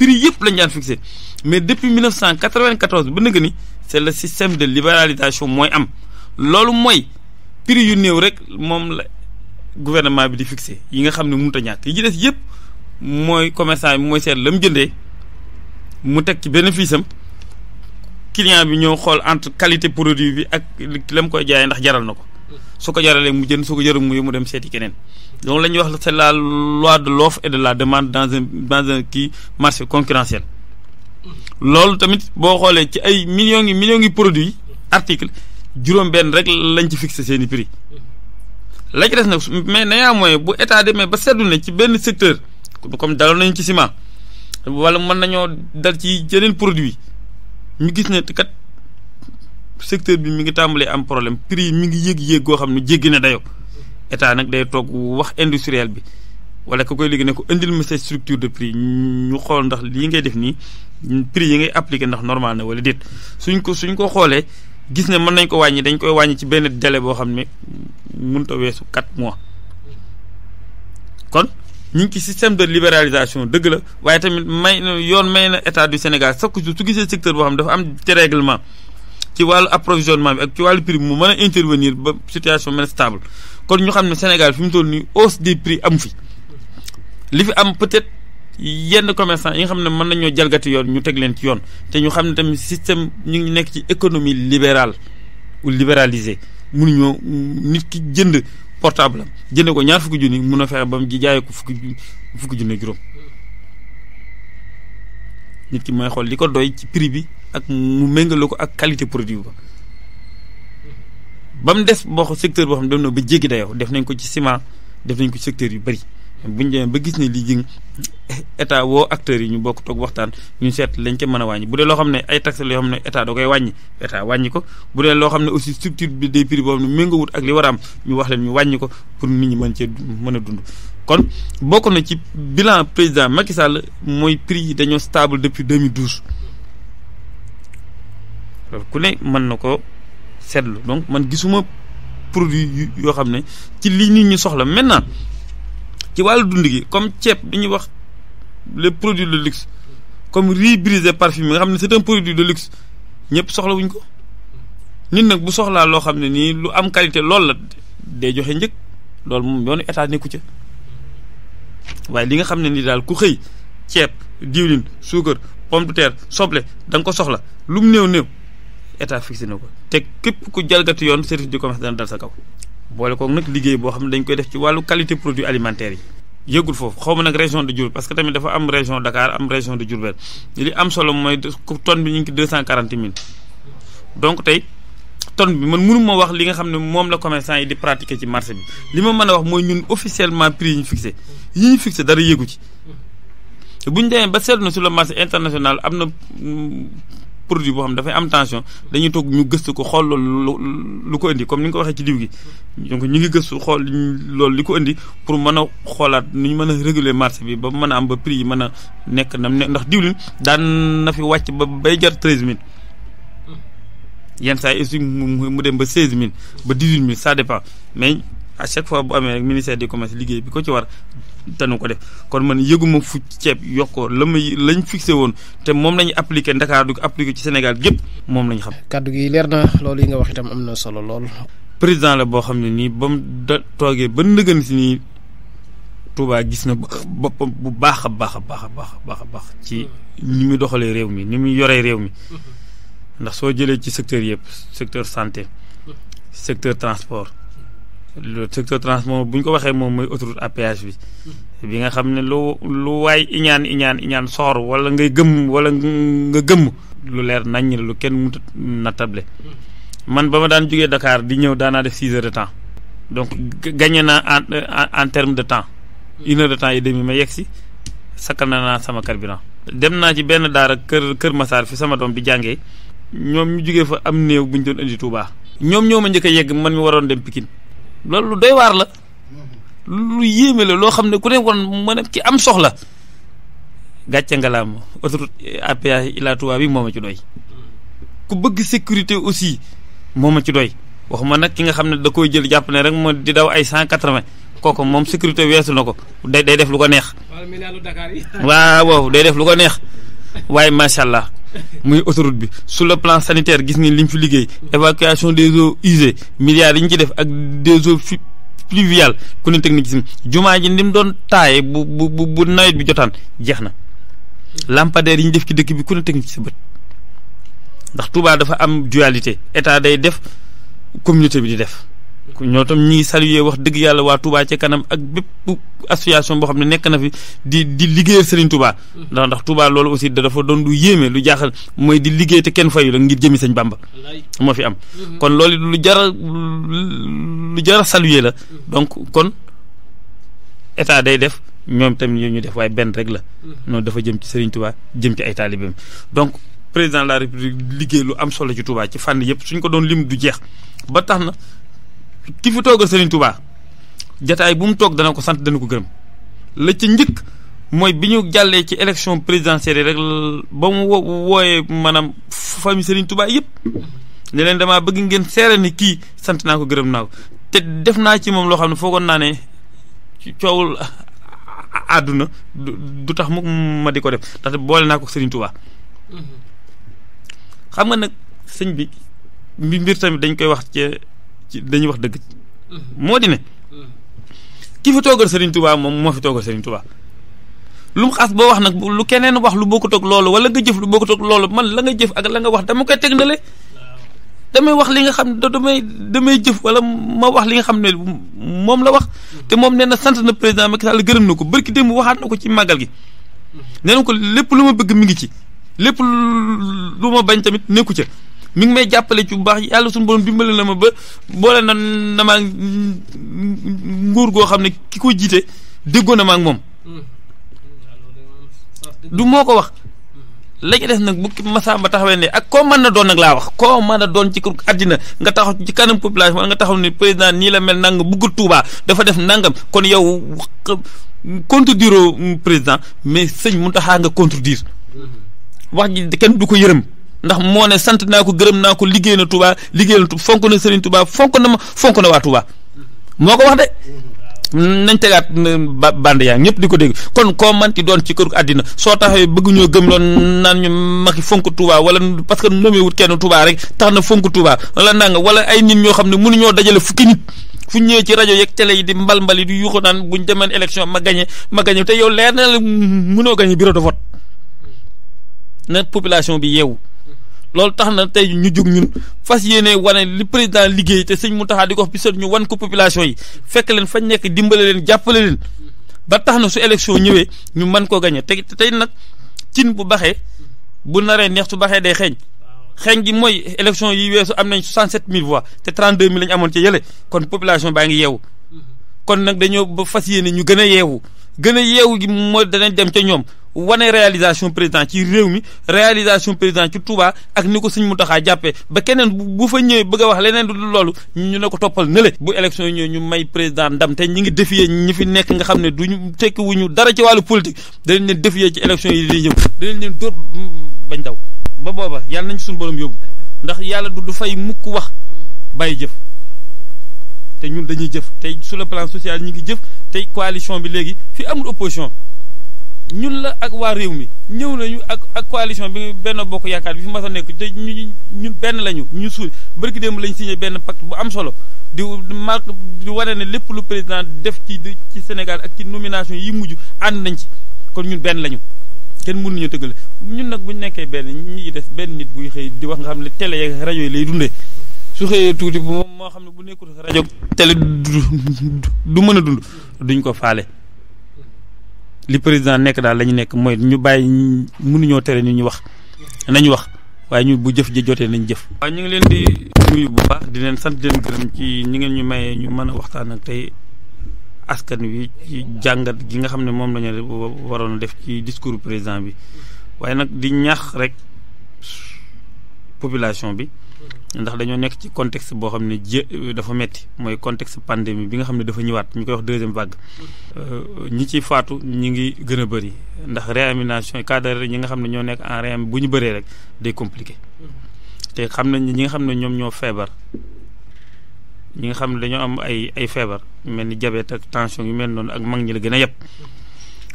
pris yëpp lañ daan fixé mais depuis 1994 ba nga ni c'est le système de libéralisation mooy am loolu mooy prix yu néew rek moom la gouvernement bi di fixé yi nga xam ne mënut a ñàkk yi ci des yëpp mooy commerçant bi mooy seet la mu jëndee mu teg ci bénéfice am bi ñëw xool entre qualité produit bi ak la mu koy jaayee ndax jaral na ko. su ko jaralee mu jënd su ko jëru mu mu dem seeti keneen loolu la ñuy wax c'est la loi de l'offre et de la demande dans un dans un kii marché concurrentiel loolu tamit boo xoolee ci ay million ngi millions ngi produits articles juróom benn rek lañ ci fixé seen i prix la ci na nag mais nayaa moyen bu état demee ba seddu ne ci benn secteur comme daloon nañu ci ciment wala mën nañoo dal ci yeneen produit mu gis ne kat secteur bi mi ngi tàmbalee am problème prix mi ngi yéeg-yéeg goo xam ne jéggi na dayoo état nag day toog wax industriel bi wala ku koy liggéey ne ko indil ma sa structure de prix ñu xool ndax lii ngay def nii prix yi ngay appliqué ndax normal na wala déet suñ ko suñ ko xoolee gis ne mën nañ ko wàññi dañ koy wàññi ci benn délai boo xam ne mënut a weesu 4 mois kon ñu ngi ci système de libéralisation dëgg la waaye tamit may yoon may na état du Sénégal chaque jour su gisee secteur boo xam ne dafa am dérèglement ci wàllu approvisionnement bi ak ci wàllu prix mu mën a intervenir ba situation mën stable kon ñu xam ne Sénégal fi mu toll nii hausse des prix am fi li fi am peut-être yenn commerçant yi nga xam ne mën nañoo jalgati yoon ñu teg leen ci yoon te ñu xam ne tamit système ñu ngi nekk ci économie libérale ou libéralisée mënuñoo nit ki jënd portable am ko ñaar fukki junni mun a fexe ba mu ji jaayee ko fukki fukki junni juróom. nit ki mooy xool li ko doy ci prix bi ak mu méngale ko ak qualité produit ba ba mu des boo secteur boo xam ne dem na ba jéggi dayoo def nañ ko ci ciment def nañ ko ci secteur yu bëri bu ñu demee ba gis ne lii état woo acteurs yi ñu bokk toog waxtaan ñu seet lañ ko mën a bu dee loo xam ne ay taxes la yoo xam ne état da koy wàññi état wàññi ko bu dee loo xam ne aussi structure bi des prix boobu méngawut ak li war ñu wax leen ñu wàññi ko pour nit ñi mën cee mën a dund kon bokk na ci bilan président Macky Sall mooy prix yi dañoo stable depuis 2012 loolu euh, ku ne mën na ko seetlu donc man gisuma produit yoo xam ne ci li nit ñi soxla maintenant ci wàllu dund gi comme ceeb bi ñuy wax les produits de luxe comme riz brisé parfumé nga xam ne c'est un produit de luxe ñëpp soxlawuñ ko nit nag bu soxlaa loo xam ne nii lu am qualité loolu la dee joxe njëg loolu moom yoonu état nekku ca waaye li nga xam ne ni daal ku xëy ceeb diwlin suukar pomme de terre soble da nga ko soxla lu mu néew néew état fixé na ko te képp ku jalgati yoon service du commerce dana dal sa kaw. boole koog nag liggéey boo xam ne dañ koy def ci wàllu qualité produit alimentaire yi. yëgul foofu xaw ma nag région de Diourbel parce que tamit dafa am région Dakar am région de Diourbel li am solo mooy tonne bi ñu ngi ci deux cent quarante mille donc tey. tonne bi man mënu ma wax li nga xam ne moom la commerçant yi di pratiquer ci marché bi li ma mën a wax mooy ñun officiellement prix yi ñu fixé yi ñu fixé dara yéegu ci bu ñu demee ba seetlu na sur le marché international am na mm, produit boo xam dafay am tension dañuy toog ñu gëstu ko xool loolu lu ko indi comme ni nga ko waxee ci diw gi donc ñu ngi gëstu xool lool li ko indi pour mën a xoolaat nu ñu mën a réguler marché bi ba mën a am ba prix yi mën a nekk nam ne ndax diwlin daan na fi wàcc ba bay jar treize mille yenn saa yi mu dem ba seize mille ba dix huit mille ça dépend mais à chaque fois bu amee rek ministère du commerce liggéey bi ko ci war tanu ko def kon man yëguma fu ceeb yokkoo la may lañ fixé woon te moom lañu appliqué Ndakaar du ko appliqué ci Sénégal gépp moom lañ xam. kàddu gi leer na loolu yi nga wax itam am na solo lool. président la boo xam ne nii ba da toogee ba nëgën si nii Touba gis na boppam bu baax a baax a baax a baax a baax ci hmm. ni muy doxalee réew mi ni muy yoree réew mi. Hmm. ndax soo jëlee ci secteur yëpp secteur santé secteur transport le secteur transport bu ñu ko waxee moom mooy autoroute à bi bi nga xam ne lu lu waay iñaan iñaan iñaan soxor wala ngay gëmm wala nga gëmm lu leer naññ lu kenn mënut na man ba ma daan jógee dakaar di ñëw daanaa def six heures de temps donc gagné naa en en terme de temps une heure de temps et demi ma yegg si sakkal na naa sama carburant dem naa ci benn daara kër kër masaar fi sama doom di jàngee ñoom ñu jógee fa am néew bu ñu doon indi Touba. ñoom ñoo ma njëkk a yegg man mi waroon dem Pikine loolu lu doy waar la lu yéeme la loo xam ne ku ne woon ma ki am soxla gàcce ngalaam autoroute à péage Ila Touba bi moo ma ci doy. ku bëgg sécurité aussi moom ma ci doy waxuma nag ki nga xam ne da koy jël jàpp ne rek ma di daw ay cent quatre-vingts kooku moom sécurité weesu na ko day day def lu ko neex. waaw waaw day def lu ko neex waaye macha allah. muy autoroute bi su le plan sanitaire gis ni liñ fi liggéey évacuation des eaux usées milliards yi ñu ci def ak des eaux pluviales ku ne technique jumaa ji ni mu doon taaye bu bu bu nawet bi jotaan jeex na lampadaire yi ñu def ci dëkk bi ku ne technique si bët ndax Touba dafa am dualité état day def communauté bi di def ñoo tam ñi ngi saluer wax dëgg yàlla waa Touba ci kanam ak bépp association boo xam ne nekk na fi di di liggéeyal Serigne tubaa mm. ndax ndax tubaa loolu aussi dafa doon lu yéeme lu jaaxal mooy di liggéey te kenn fayu la ngir jëmi Sëñ Bamba. moo fi am mm-hmm. kon loolu lu jara lu jara saluer la mm. donc kon état day def ñoom tamit ñu ñu def waaye benn rek la. Mm-hmm. noonu dafa jëm ci Serigne Touba jëm ci ay taalibeem donc président la république liggéey lu am solo ci tubaa ci fànn yëpp suñ ko doon lim du jeex ba tax na. ki fi toogal Serigne tubaa jataay bu mu toog dana ko sant dana ko gërëm la ca njëkk mooy bi ñu jàllee ci élection présidentielle rek ba mu wo wooyee maanaam famille Serigne Touba yëpp ne leen damaa bëgg ngeen seere ni kii sant naa ko gërëm naa ko te def naa ci moom loo xam ne foogoon naa ne coowul àdduna du tax mu ma di ko def ndaxte boole naa ko Serigne Touba. Mm-hmm. xam nga nag sëñ bi mbir tamit dañ koy wax ci dañuy wax dëgg. Mm-hmm. moo di ne. Mm-hmm. ki fi toogal Serigne Touba moom moo fi toogal Serigne Touba. lu mu xas boo wax nag lu keneen wax lu bokkut ak loolu wala nga jëf lu bokkut ak loolu man la nga jëf ak la nga wax dama koy teg damay wax li nga xam ne damay damay jëf wala ma wax li nga xam ne moom la wax mm-hmm. te moom nee na sant na président Macky la gërëm na ko barki démb waxaat na ko ci màggal gi nee na ko lépp lu ma bëgg mi ngi ci lépp lu ma bañ tamit nekku ca mi ngi may jàppale ci bu baax yàlla suñu borom dimbale na ma ba boole na na maa nguur goo xam ne ki ko jiite déggoo na ma ak moom. du moo ko wax. léegi des nag bu Massamba taxawee ne ak koo mën na doon nag laa wax koo mën a doon ci kër àddina nga taxaw ci kanam population wala nga taxaw ne président nii la mel nangam bëgg tuubaa dafa def nangam kon yow contredire président mais sëñ taxaa nga contredire. Mm-hmm. wax ji kenn du ko yërëm. ndax moo ne sant naa ko gërëm naa ko liggéey na tubaa liggéey na Touba fonk na Serigne Touba fonk na ma fonk na waa Touba moo ko wax de nañ tegaat band yaa ñëpp di ko dégg kon koo manti doon ci këru àddina soo tax bëgg ñoo gëm loon naan ñu maki fonk Touba wala parce que nommé wut kenn tubaa rek tax na fonk Touba wala nanga wala ay nit ñoo xam ne mënuñoo dajale fukki nit fu ñëwee ci rajo yeeg télé yi di mbal mbal yi di yuuxu naan buñ demeen élection ma gañe ma gañe te yow leer na la mënoo de vote na population bi loolu tax na tey ñu jóg ñun fas yéene wane li président liggéey te sëñ Mountakha di ko bisal ñu wan ko population yi fekk leen fañ nekk dimbale leen jàppale leen ba tax na su élection ñëwee ñu mën ko gañe te tey nag cin bu baxee bu naree neex su baxee day xeeñ xeeñ gi mooy élection yi weesu am nañ 67000 voix te 32000 la ñu amoon ca yële kon population baa ngi yeewu kon nag dañoo ba fas yéene ñu gën a yeewu gën a yeewu gi moo danañ dem ca ñoom wane réalisation président ci réew mi réalisation président ci Touba ak ni ko mu Mountakha jàppee ba keneen bu fa ñëwee bëgg a wax leneen du loolu ñu ne ko toppal nële bu élection yi ñu may président ndam te ñi ngi défier ñi fi nekk nga xam ne duñu tekki ñu dara ci wàllu politique danañ leen défier ci élection yi di ñëw danañ leen dóor bañ daw ba booba yàlla nañ suñu borom yóbbu ndax yàlla du du fay mukk wax bàyyi jëf ñun dañuy jëf tey sur le plan social ñu ngi jëf tey coalition bi léegi fi amul opposition ñun la ak waa réew mi ñëw nañu ak ak coalition bi benn bokk yaakaar bi fi mas nekk te ñu ñun benn lañu ñu suul bërki démb lañ signé benn pacte bu am solo di marque wane ne lépp lu président def ci ci Sénégal ak ci nomination yi mujj ànd nañ ci kon ñun benn lañu kenn mënuñu tëggale ñun nag bu ñu nekkee benn ñi des benn nit buy xëy di wax nga xam ne télé yeeg rajo yi lay dundee. su xëyee tuuti bu moom moo xam ne bu nekkul rajo télé du mën a dund duñ ko faale li président nekk daal la ñu nekk mooy ñu bàyyi munuñoo tere ñu ñu wax nañu wax waaye ñu bu jëf ji jotee nañ jëf. waaw ñu ngi leen di nuyu bu baax di leen sant di leen gërëm ci ñi ngeen ñu mayee ñu mën a waxtaan ak tey askan wi ci jàngat gi nga xam ne moom la ñu waroon a def ci discours président bi waaye nag di ñax rek population bi. ndax dañoo nekk ci contexte boo xam ne ji euh, dafa metti mooy contexte pandémie bi nga xam ne dafa ñëwaat ñu koy wax deuxième vague. Euh, ñi ci faatu ñi ngi gën a bëri ndax réanimation cadre ñi nga xam ne ñoo nekk en réam bu ñu bëree rek day compliqué. te xam nañ ñi nga xam ne ñoom ñoo feebar ñi nga xam ne dañoo am ay ay feebar mel ni diabète ak tension yu mel noonu ak mag ñi la gën a yëpp.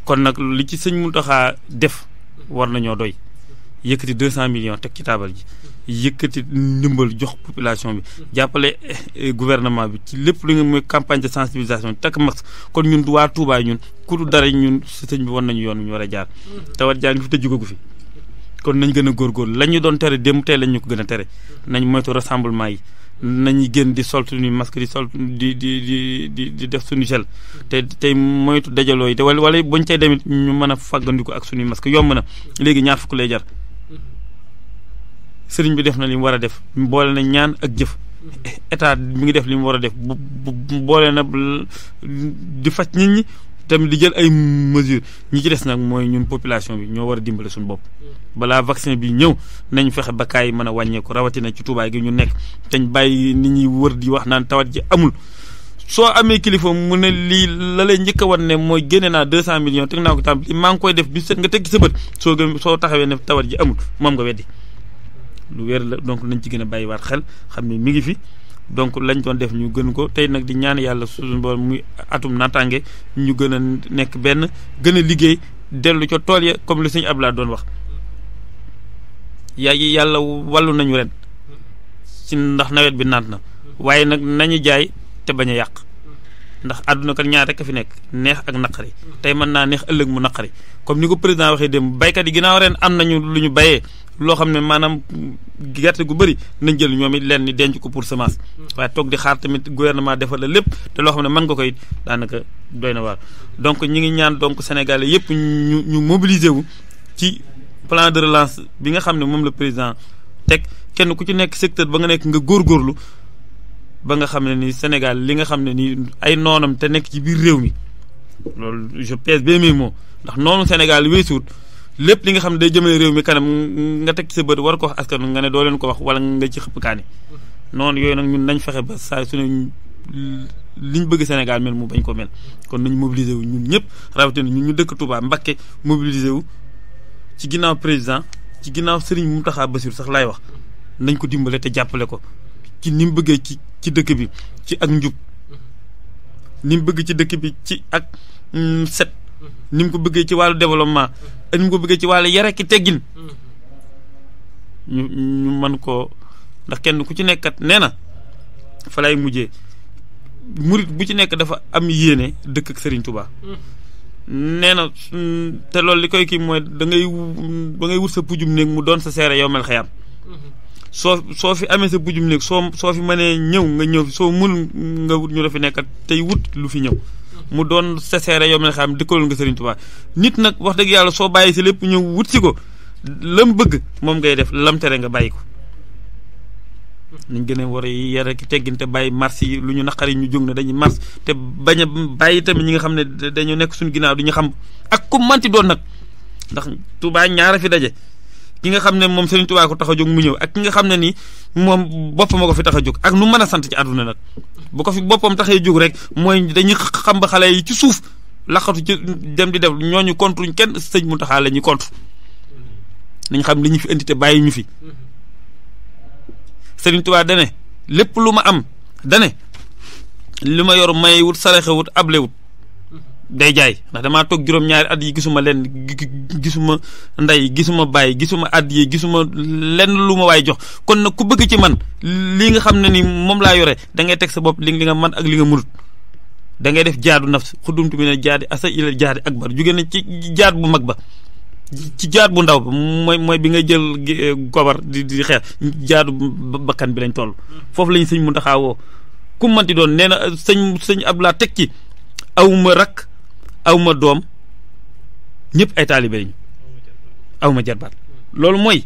kon nag li ci sëñ Mountakha def war nañoo doy yëkkati 200 millions teg ci taabal ji. yëkkati ndimbal jox population bi jàppale eh, gouvernement bi ci lépp lu nga mooy campagne de sensibilisation takk max kon ñun waa Touba ñun ku du dara ñun sëñ bi wan nañu yoon ñu war a jaar mm-hmm. tawat jaa ngi fi te jugagu fi kon nañ gën a góor lañ ñu doon tere dem tey lañ ñu ko gën a tere nañ moytu rassemblement yi nañu génn di sol suñu masque di sol di di di di di def suñu gel te tey moytu dajaloo yi te wala wala buñ tey demit ñu mën a fàggandiku ak suñu masque yomb na ñaar fukk lay jar sëriñ bi def na li mu war a def boole na ñaan ak jëf état mi ngi def li mu war a def bu boole na di faj nit ñi tamit di jël ay mesures ñi ci des nag mooy ñun population bi ñoo war a dimbale suñu bopp. balaa vaccin bi ñëw nañ fexe ba kaay mën a wàññeeku rawatina ci tubaay gi ñu nekk te bàyyi nit ñuy wër di wax naan tawat ji amul. soo amee kilifa mu ne lii la lay njëkk a wan ne mooy génne naa deux cent millions teg naa ko tam lii maa ngi koy def bi teg ci sa bët soo soo taxawee ne tawat ji amul moom nga weddi. lu wér la donc nañ ci gën a bàyyiwaat xel xam ne mu ngi fi donc lañ doon def ñu gën ko tey nag di ñaan yàlla suñu borom muy atum nattange ñu gën a nekk benn gën a liggéey dellu ca tool ya comme li ab laa doon wax yaa yàlla wàllu nañu ren ci ndax nawet bi naat na waaye nag nañu jaay te bañ a yàq ndax àdduna kat ñaar rek a fi nekk neex ak naqari tey mën naa neex ëllëg mu naqari comme ni ko président waxee démb baykat yi ginnaaw ren am nañu lu ñu bayee loo xam ne maanaam gerte gu bëri nañ jël ñoom it leen ni denc ko pour semence mm. waaye toog di xaar tamit gouvernement defal lépp te loo xam ne mën nga koy daanaka doy na waar donc ñi ngi ñaan donc sénégalais yëpp ñu ñu mobiliser wu ci plan de relance bi nga xam ne moom la président teg kenn ku ci nekk secteur ba nga nekk nga góor góorlu ba nga xam ne ni Sénégal li nga xam ne ni ay noonam te nekk ci biir réew mi loolu je pèse bien mes ndax noonu Sénégal weesuut lépp li nga xam ne day jëmale réew mi kanam nga teg ci sa bët war ko wax askan nga ne doo leen ko wax wala nga ci xëpp kaani noonu yooyu nag ñun nañ fexe ba saa suñu liñ bëgg Sénégal mel mu bañ ko mel kon nañ mobiliser wu ñun ñëpp rawatina ñun ñu dëkk Touba Mbacké mobiliser wu ci ginnaaw président ci ginnaaw Serigne Mountakha Bassirou sax laay wax nañ ko dimbale te jàppale ko ci ni mu bëggee ci ci dëkk bi ci ak njub ni mu ci dëkk bi ci ak mm, set ni mu ko bëggee ci wàllu développement ak ni mu ko bëggee ci wàllu yar ak teggin ñu ñu mën koo ndax kenn ku ci nekkat nee na fa lay mujjee murit bu ci nekk dafa am yéene dëkk ak Serigne Touba. nee te loolu li koy kii mooy da ngay da wut sa pujum néeg mu doon sa seere yow mel soo soo fi amee sa bujum néeg soo soo fi mënee ñëw nga ñëw soo mënul nga wut ñu la fi nekkat tey wut lu fi ñëw mu doon sa seere yow na nga xam dëkkaloon nga Serigne Touba nit nag wax dëgg yàlla soo bàyyi si lépp ñëw wut si ko lam bëgg moom ngay def lam tere nga bàyyi ko. nañ gën a war a yare ki teggin bàyyi mars yi lu ñu naqari ñu jóg na dañuy mars te bañ a bàyyi tamit ñi nga xam ne dañoo nekk suñu ginnaaw du ñu xam ak ku manti doon nag ndax Touba ñaara fi daje. ki nga xam ne moom Serigne Touba ko tax a jóg mu ñëw ak ki nga xam ne ni moom boppam a ko fi tax a jóg ak nu mën a sant ci àdduna nag boo ko fi boppam taxee jóg rek mooy dañuy xam ba xale yi ci suuf laqatu ci dem di def ñu kontruñ kenn sëñ Mountakha la ñuy contre nañ xam li ñu fi indi bàyyi ñu fi Serigne Touba dane lépp lu ma am dane li ma yor may wut saraxe wut ablewut day jaay ndax damaa toog juróom-ñaari at yi gisuma lenn gisuma ndey gisuma bàyyi gisuma at yi gisuma lenn lu ma waaye jox kon nag ku bëgg ci man li nga xam ne ni moom laa yore da ngay teg sa bopp li li nga man ak li nga mënut da ngay def jaadu nafs xudumtu bi ne jaadi asa ila jaadi akbar jóge na ci jaat bu mag ba ci jaat bu ndaw ba mooy mooy bi nga jël eh, gobar di di xeex jaadu bakkan bi lañ toll foofu lañ sëñ mu ndaxaawoo ku manti doon nee na sëñ sëñ Abdoulaye teg ci awma rak awma doom ñëpp ay taalibe lañu awma jarbaat loolu mooy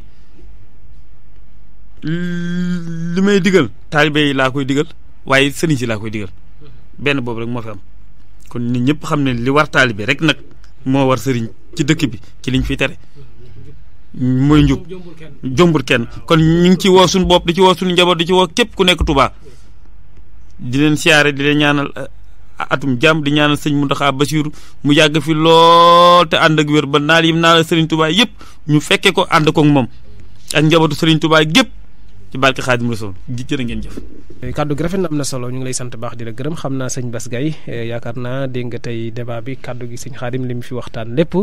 li may digal taalibe yi laa koy digal waaye sëriñ si laa koy digal benn boobu rek moo fi am kon nit ñëpp xam ne li war taalibe rek nag moo war sëriñ ci dëkk bi ci liñ fi tere mooy njub jombul kenn kon ñu ngi ci woo suñu bopp di ci woo suñu njaboot di ci woo képp ku nekk Touba di leen siyaare di leen ñaanal atum jàmm di ñaanal sëñ Mountakha Bassirou mu yàgg fi lool te ànd ak weer ba naar yim naa la Serigne Touba yëpp ñu fekkee ko ànd koog moom a njabootu Serigne Touba gépp ci barke Xaadim Rasul jërë ngeen jëf. Eh, kaddu gi rafet na am na solo ñu ngi lay sant baax di la gërëm xam naa sëñ Bass eh, yaakaar naa dégg nga tey débat bi kaddu gi sëñ Xaadim li mu fi waxtaan lépp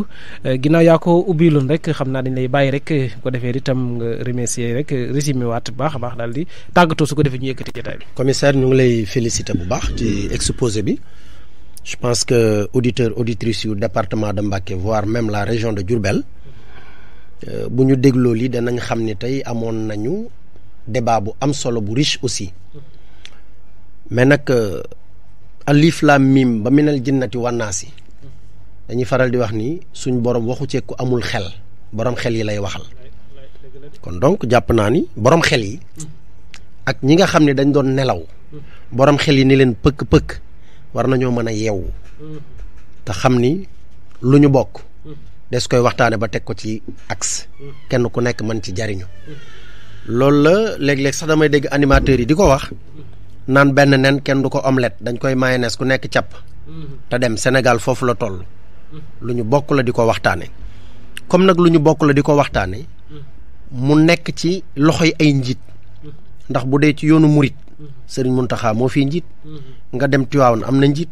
eh, ginnaaw yaa ko ubbiloon rek xam naa dañ lay bàyyi rek ko defee itam nga remercier rek résumé waat baax a baax daal di tàggatoo su ko defee ñu yëkkati jotaay bi. commissaire ñu ngi lay féliciter bu baax ci exposé bi je pense que auditeur auditrices yu département de Mbacké voire même la région de Diourbel bu ñu dégloo lii danañ xam ni débat bu am solo bu riche aussi mais nag euh, alif laam miim ba minal jinnati wannaasi dañuy faral di wax ni suñ borom waxu ci ku amul xel borom xel yi lay waxal kon donc jàpp naa ni boroom xel yi ak ñi nga xam ne dañ doon nelaw boroom xel yi ni leen pëkk-pëkk war nañoo mën a yeewu te xam ni lu ñu bokk des koy waxtaane ba teg ko ci axe kenn ku nekk mën ci jariñu loolu la léeg-léeg sax damay dégg animateurs yi di ko wax naan benn nen kenn du ko omelette dañ koy mayonnaise ku nekk càpp te dem Sénégal foofu la toll lu ñu bokk la di ko waxtaane comme nag lu ñu bokk la di ko waxtaane mu nekk ci loxo yi ay njiit ndax bu dee ci yoonu murit sëriñ Muntaxa moo fi njiit nga dem Tiwaawan am na njiit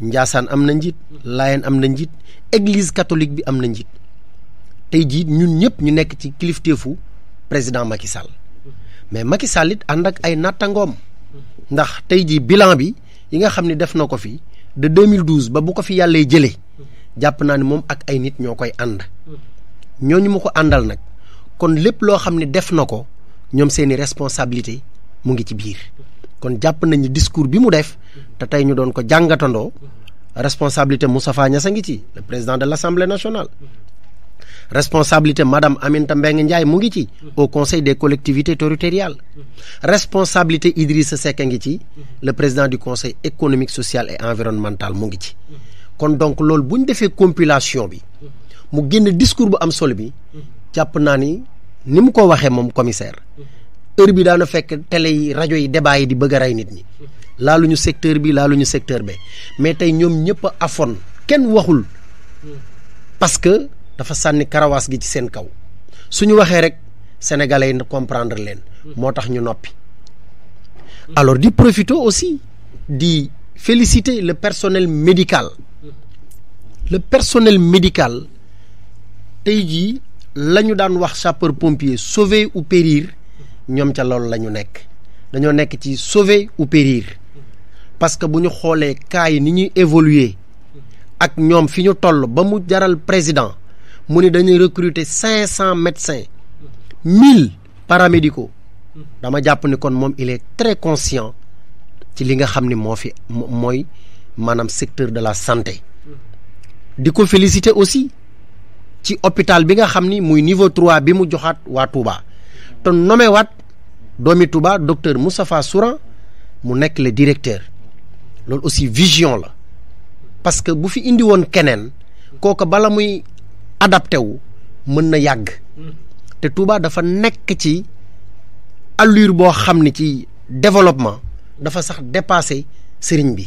Njaasaan am na njiit Laayeen am na njiit église katolik bi am na njiit tey jiit ñun ñëpp ñu nekk ci kilifteefu président Macky Sall mais Macky Sall it ànd ak ay nattangoom ndax tey jii bilan bi yi nga xam ne def na ko fi de 2012 ba bu ko fi yàlla jëlee jàpp naa ne moom ak ay nit ñoo koy ànd ñoo ñu mu ko àndal nag kon lépp loo xam ne def na ko ñoom seeni responsabilité mu ngi ci biir kon jàpp nañu discours bi mu def te tey ñu doon ko jàngatandoo responsabilité Moustapha Niasse a ngi ci le président de l'Assemblée nationale responsabilité madame Aminata Mbengue Ndiaye mu ngi ci au conseil des collectivités territoriales responsabilité Idrissa Seck a ngi ci le président du conseil économique social et environnemental mu ngi ci kon donc lool bu ñu defee compilation bi mu génn discours bu am solo bi jàpp naa ni ni mu ko waxee moom commissaire heure bi daana fekk télé yi rajo yi débat di bëgg a rey nit ñi laaluñu secteur bi laaluñu secteur ba mais tey ñoom ñëpp a afoon kenn waxul parce dafa sànni karawaas gi ci seen kaw suñu waxee rek sénégal yi comprendre leen moo tax ñu noppi alors di profiter aussi di félicité le personnel médical le personnel médical tey jii la ñu daan wax chapeur pompier sauver ou périr ñoom ca loolu la ñu nekk dañoo nekk ci sauver ou périr parce que bu ñu xoolee cas yi ni ñuy évoluer ak ñoom fi ñu toll ba mu jaral président mu ni dañuy recruité cinq cent médecins mille paramédicaux dama jàpp ni kon moom il est très conscient ci li nga xam ni moo fi mooy maanaam secteur de la santé di ko félicité aussi ci hôpital bi nga xam ni muy niveau trois bi mu joxaat waa Touba te nommé waat doomi Touba docteur Moustapha Souran mu nekk le directeur loolu aussi vision la parce que bu fi indi woon keneen kooka bala muy adapté wu mën na yàgg te Touba dafa nekk ci allure boo xam ne ci développement dafa sax dépassé sëriñ bi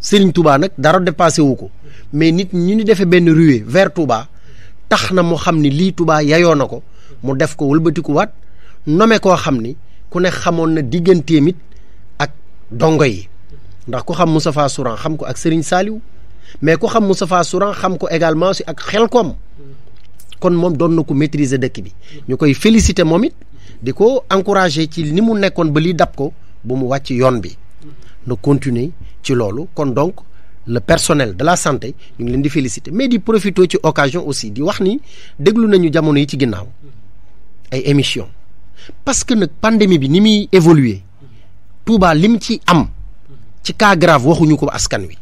sëriñ Touba nag dara dépassé wu ko mais nit ñu ni defee benn ruée vers Touba tax na mu xam ni lii Touba yayoo na ko mu def ko wëlbatikuwaat nome koo xam ni ku ne xamoon na digganteem it ak dongo yi ndax ku xam Moustapha Souran xam ko ak sëriñ Saliou mais ku xam Moustapha Souran xam ko également si ak xel koom kon moom doon na ko maîtriser dëkk bi ñu koy félicité moom it di ko encourager ci ni mu nekkoon ba li dab ko bu mu wàcc yoon bi na continuer ci loolu kon donc le personnel de la santé ñu ngi leen di féliciter mais di profiter ci occasion aussi di wax ni déglu nañu jamono yi ci ginnaaw ay émission parce que nag pandémie bi ni muy évoluer li mu ci am ci cas waxuñu ko askan wi.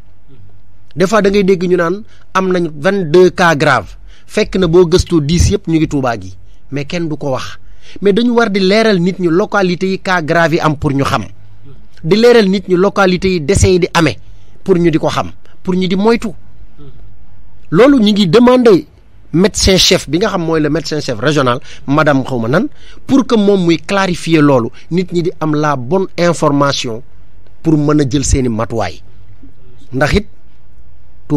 des fois da ngay dégg ñu naan am nañu vingt deux cas grave fekk na boo gëstoo diis yëpp ñu ngi tuubaa gi mais kenn du ko wax mais dañu war di leeral nit ñi localité yi cas grave yi am pour ñu xam di leeral nit ñi localités yi décès yi di amee pour ñu di ko xam pour ñu di moytu loolu ñu ngi demander médecin chef bi nga xam mooy la médecin chef régional madame xawma nan pour que moom muy clarifier loolu nit ñi di am la bon information pour mën a jël seeni matuwaay ndax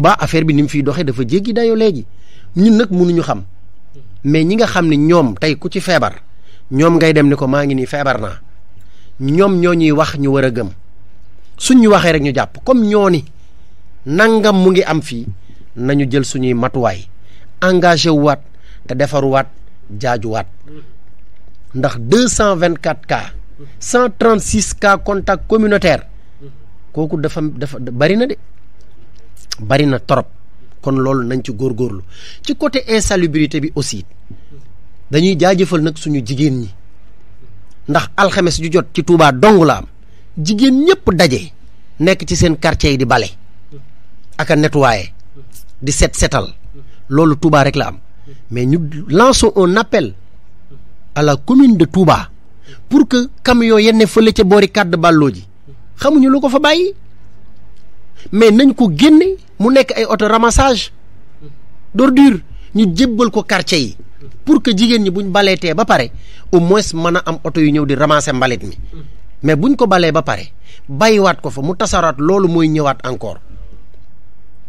baa affaire bi ni mu fiy doxee dafa jéggi dayo léegi ñun nag mënuñu xam mais ñi nga xam ne ñoom tey ku ci feebar ñoom ngay dem ni ko maa ngi nii feebar naa ñoom ñoo ñuy wax ñu war a gëm su ñu waxee rek ñu jàpp comme ñoo ni nangam mu ngi am fii nañu jël suñuy matuwaay engagé waat te defaruwaat jaajuwaat ndax deux cent vingt quatre cas cent trente six cas contact communautaire kooku dafa bari na de. bari na torop kon loolu nañ ci góor góorlu ci côté insalubrité bi aussi dañuy jaajëfal nag suñu jigéen ñi ndax alxames ju jot ci Touba dong la am jigéen ñëpp daje nekk ci seen quartier yi di bale ak a di set setal loolu Touba rek la am mais ñu lançons un appel à la commune de Touba pour que camion yenn fële ca boori kàdd bàlloo ji xamuñu lu ko fa bàyyi mais nañ ko génne mu nekk ay auto ramassage d'ordure ñu jébbal ko quartier yi pour que jigéen ñi buñ baleetee ba pare au moins mën a am auto yu ñëw di ramasser mbalit mi mais buñ ko balee ba pare bàyyiwaat ko fa mu tasaraat loolu mooy ñëwaat encore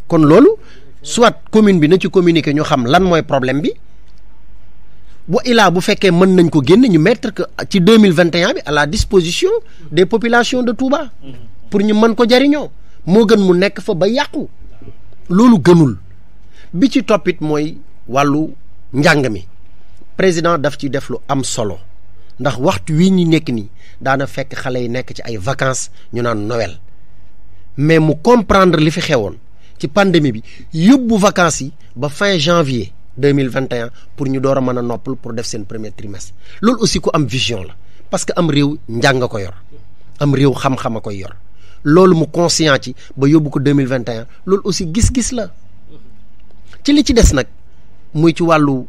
kon loolu soit commune bi na ci communiquer ñu xam lan mooy problème bi wa ilaa bu fekkee mën nañ ko génn ñu mettre que ci deux mille vingt et bi à la disposition des populations de Touba pour ñu mën ko jariñoo moo gën mu nekk fa ba yàqu loolu gënul bi ci toppit mooy wàllu njàng mi président daf ci def lu am solo ndax waxtu wi ñu nekk nii daana fekk xale yi nekk ci ay vacances ñu naan nowel mais mu comprendre li fi xewoon ci pandémie bi yóbbu vacances yi ba fin janvier deux mille vingt et pour ñu door a mën a noppal pour def seen premier trimestre loolu aussi ko am vision la parce que am réew njàng ko yor am réew xam-xam a koy yor. loolu mu conscient ci ba yóbbu ko deux mille vingt et loolu aussi gis-gis la ci li ci des nag muy ci wàllu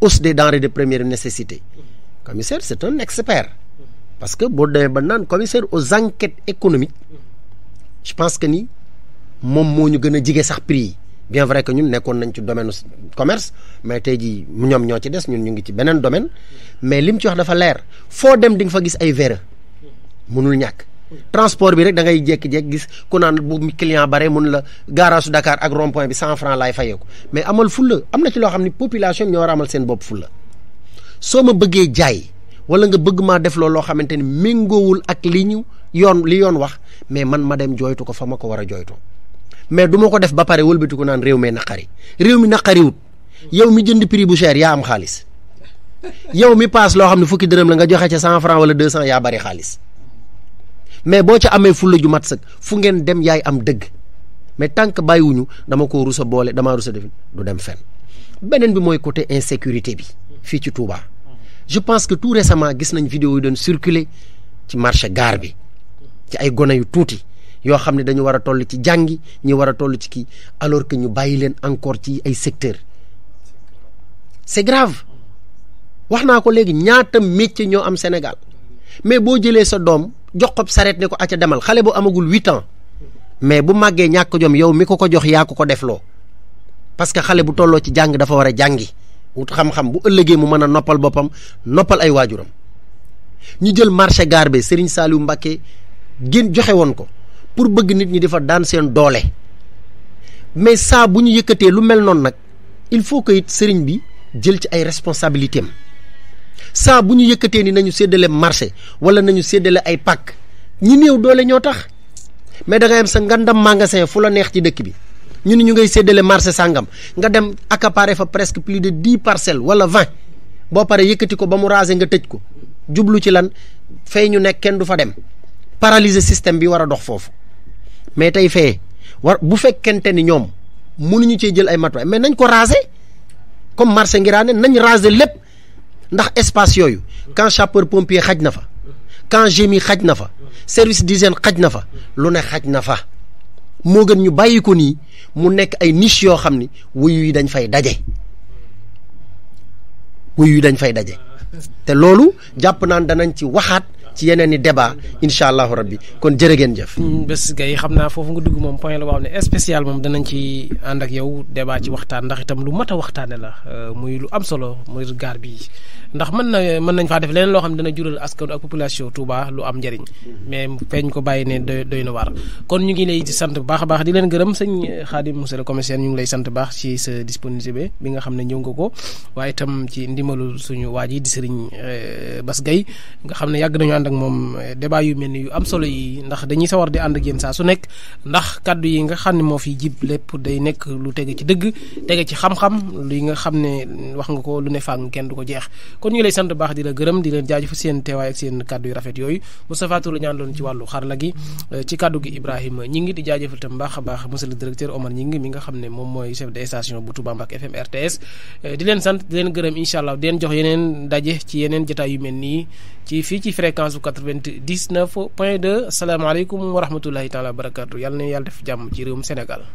hausse des denre de première nécessité commissaire c'est un expert parce que boo demee ba naan commissaire aux enquêtes économiques je pense que ni moom moo ñu gën a jige sax prix yi bien vrai que ñun nekkoon nañ ci domaine commerce mais tey jii ñoom ñoo ci des ñun ñu ngi ci beneen domaine mais li mu ci wax dafa leer foo dem di nga fa gis ay verre mënul ñàkk transport bi rek da ngay jékki gis ku naan bu client bare mun la garage Dakar ak rond point bi cent franc laay fayeeku mais amal fulla am na ci loo xam ne population ñoo war amal seen bopp fulla soo ma bëggee jaay wala nga bëgg maa def loolu loo xamante ni méngoowul ak li ñu yoon li yoon wax mais man ma dem jooytu ko fa ma ko war a jooytoo mais du ma ko def ba pare wëlbati ku naan réew mi naqari réew mi naqariwut yow mi jënd prix bu cher yaa am xaalis yow mi paas loo xam ne fukki dërëm la nga joxe ca cent franc wala deux cent yaa bari xaalis. mais boo ca amee fulla ju mat sëkk fu ngeen dem yaay am dëgg mais tant que bàyyiwuñu dama ko rusa boole dama rusa def du dem fenn beneen bi mooy côté insécurité bi fii ci Touba je pense que tout récemment gis nañ vidéo yu doon circuler ci marché gaar bi ci ay gone yu tuuti yoo xam ne dañu war a toll ci jàngi ñu war a toll ci kii alors que ñu bàyyi leen encore ci ay secteur c'est grave wax naa ko léegi ñaata métier ñoo am Sénégal mais boo jëlee sa doom jox ko sareet ne ko acca demal xale bu amagul huit ans mais bu màggee ñàkk jom yow mi ko ko jox yaa ko ko defloo parce que xale bu tolloo ci jàng dafa war a jàngi wut xam-xam bu ëllëgee mu mën a noppal boppam noppal ay waajuram ñu jël marché garbe bi Serigne Saliou Mbacké gën joxe woon ko pour bëgg nit ñi dafa daan seen doole mais saa bu ñu yëkkatee lu mel noonu nag il faut que it sëriñ bi jël ci ay responsabilités am saa bu ñu yëkkatee ni nañu séddale marché wala nañu séddale ay pàkk ñi néew doole ñoo tax mais da ngay am sa ngandam magasin fu la neex ci dëkk bi ñu ni ñu ngay séddale marché sàngam nga dem accaparé fa presque plus de dix parcelles wala vingt boo paree yëkkati ko ba mu raser nga tëj ko jublu ci lan fay ñu nekk kenn du fa dem paralyser système bi war a dox foofu mais tey fee war bu fekkente ni ñoom mënuñu cee jël ay matuwaay mais nañ ko raser comme marché ngiraane nañ raser lépp. ndax espace yooyu quand sapeur pompier xaj na fa quand gémi xaj na fa service d'hygiène xaj na fa lu ne xaj na fa moo gën ñu bàyyi ko nii mu nekk ay niche yoo xam ni wuyu yi dañ fay daje wuyu yi dañ fay daje te loolu jàpp naan danañ ci waxaat ci yeneen i débat incha allahu rabbi kon jërë ngeen jëf. Mm, bés gay xam naa foofu nga dugg moom point la boo xam ne spécial moom danañ ci ànd ak yow débat ci waxtaan ndax itam lu mat a waxtaane la euh, muy lu am solo muy gaar bi ndax mën na mën nañ faa def leneen loo xam ne dana jural askan ak population Touba lu am njëriñ mais feeñ ko bàyyi ne doy doy na waar kon ñu ngi lay sant bu baax a baax di leen gërëm sëñ Khadim monsieur le commissaire ngi lay sant baax ci sa disponibilité bi nga xam ne ñëw nga ko waaye itam ci ndimbalu suñu waa ji di sëriñ euh, Bass Gueye nga xam ne yàgg nañu ànd ak moom euh, débat yu mel ni yu am solo yi ndax dañuy sawar di ànd ak yéen saa su nekk ndax kàddu yi nga xam ne moo fi jib lépp day nekk lu tege ci dëgg tege ci xam-xam li nga xam ne wax nga ko lu ne fàng kenn du ko jeex kon ñu lay sant baax di la gërëm di leen jaajëf seen teewaay ak seen kàddu yu rafet yooyu Moustapha Touré ñaan loon ci wàllu xarala gi euh, ci kàddu gi Ibrahima ñi ngi di jaajëfal tam baax a baax monsieur le directeur Omar ñi ngi mi nga xam ne moom mooy chef de station bu Touba Mbacké FM RTS euh, di leen sant di leen gërëm incha allah di leen jox yeneen daje ci yeneen jotaay yu mel nii ci fii ci fréquence bu 99 point 2 salaamaaleykum wa rahmatulahi taala wa barakatu yàlla na jàmm ci réewum Sénégal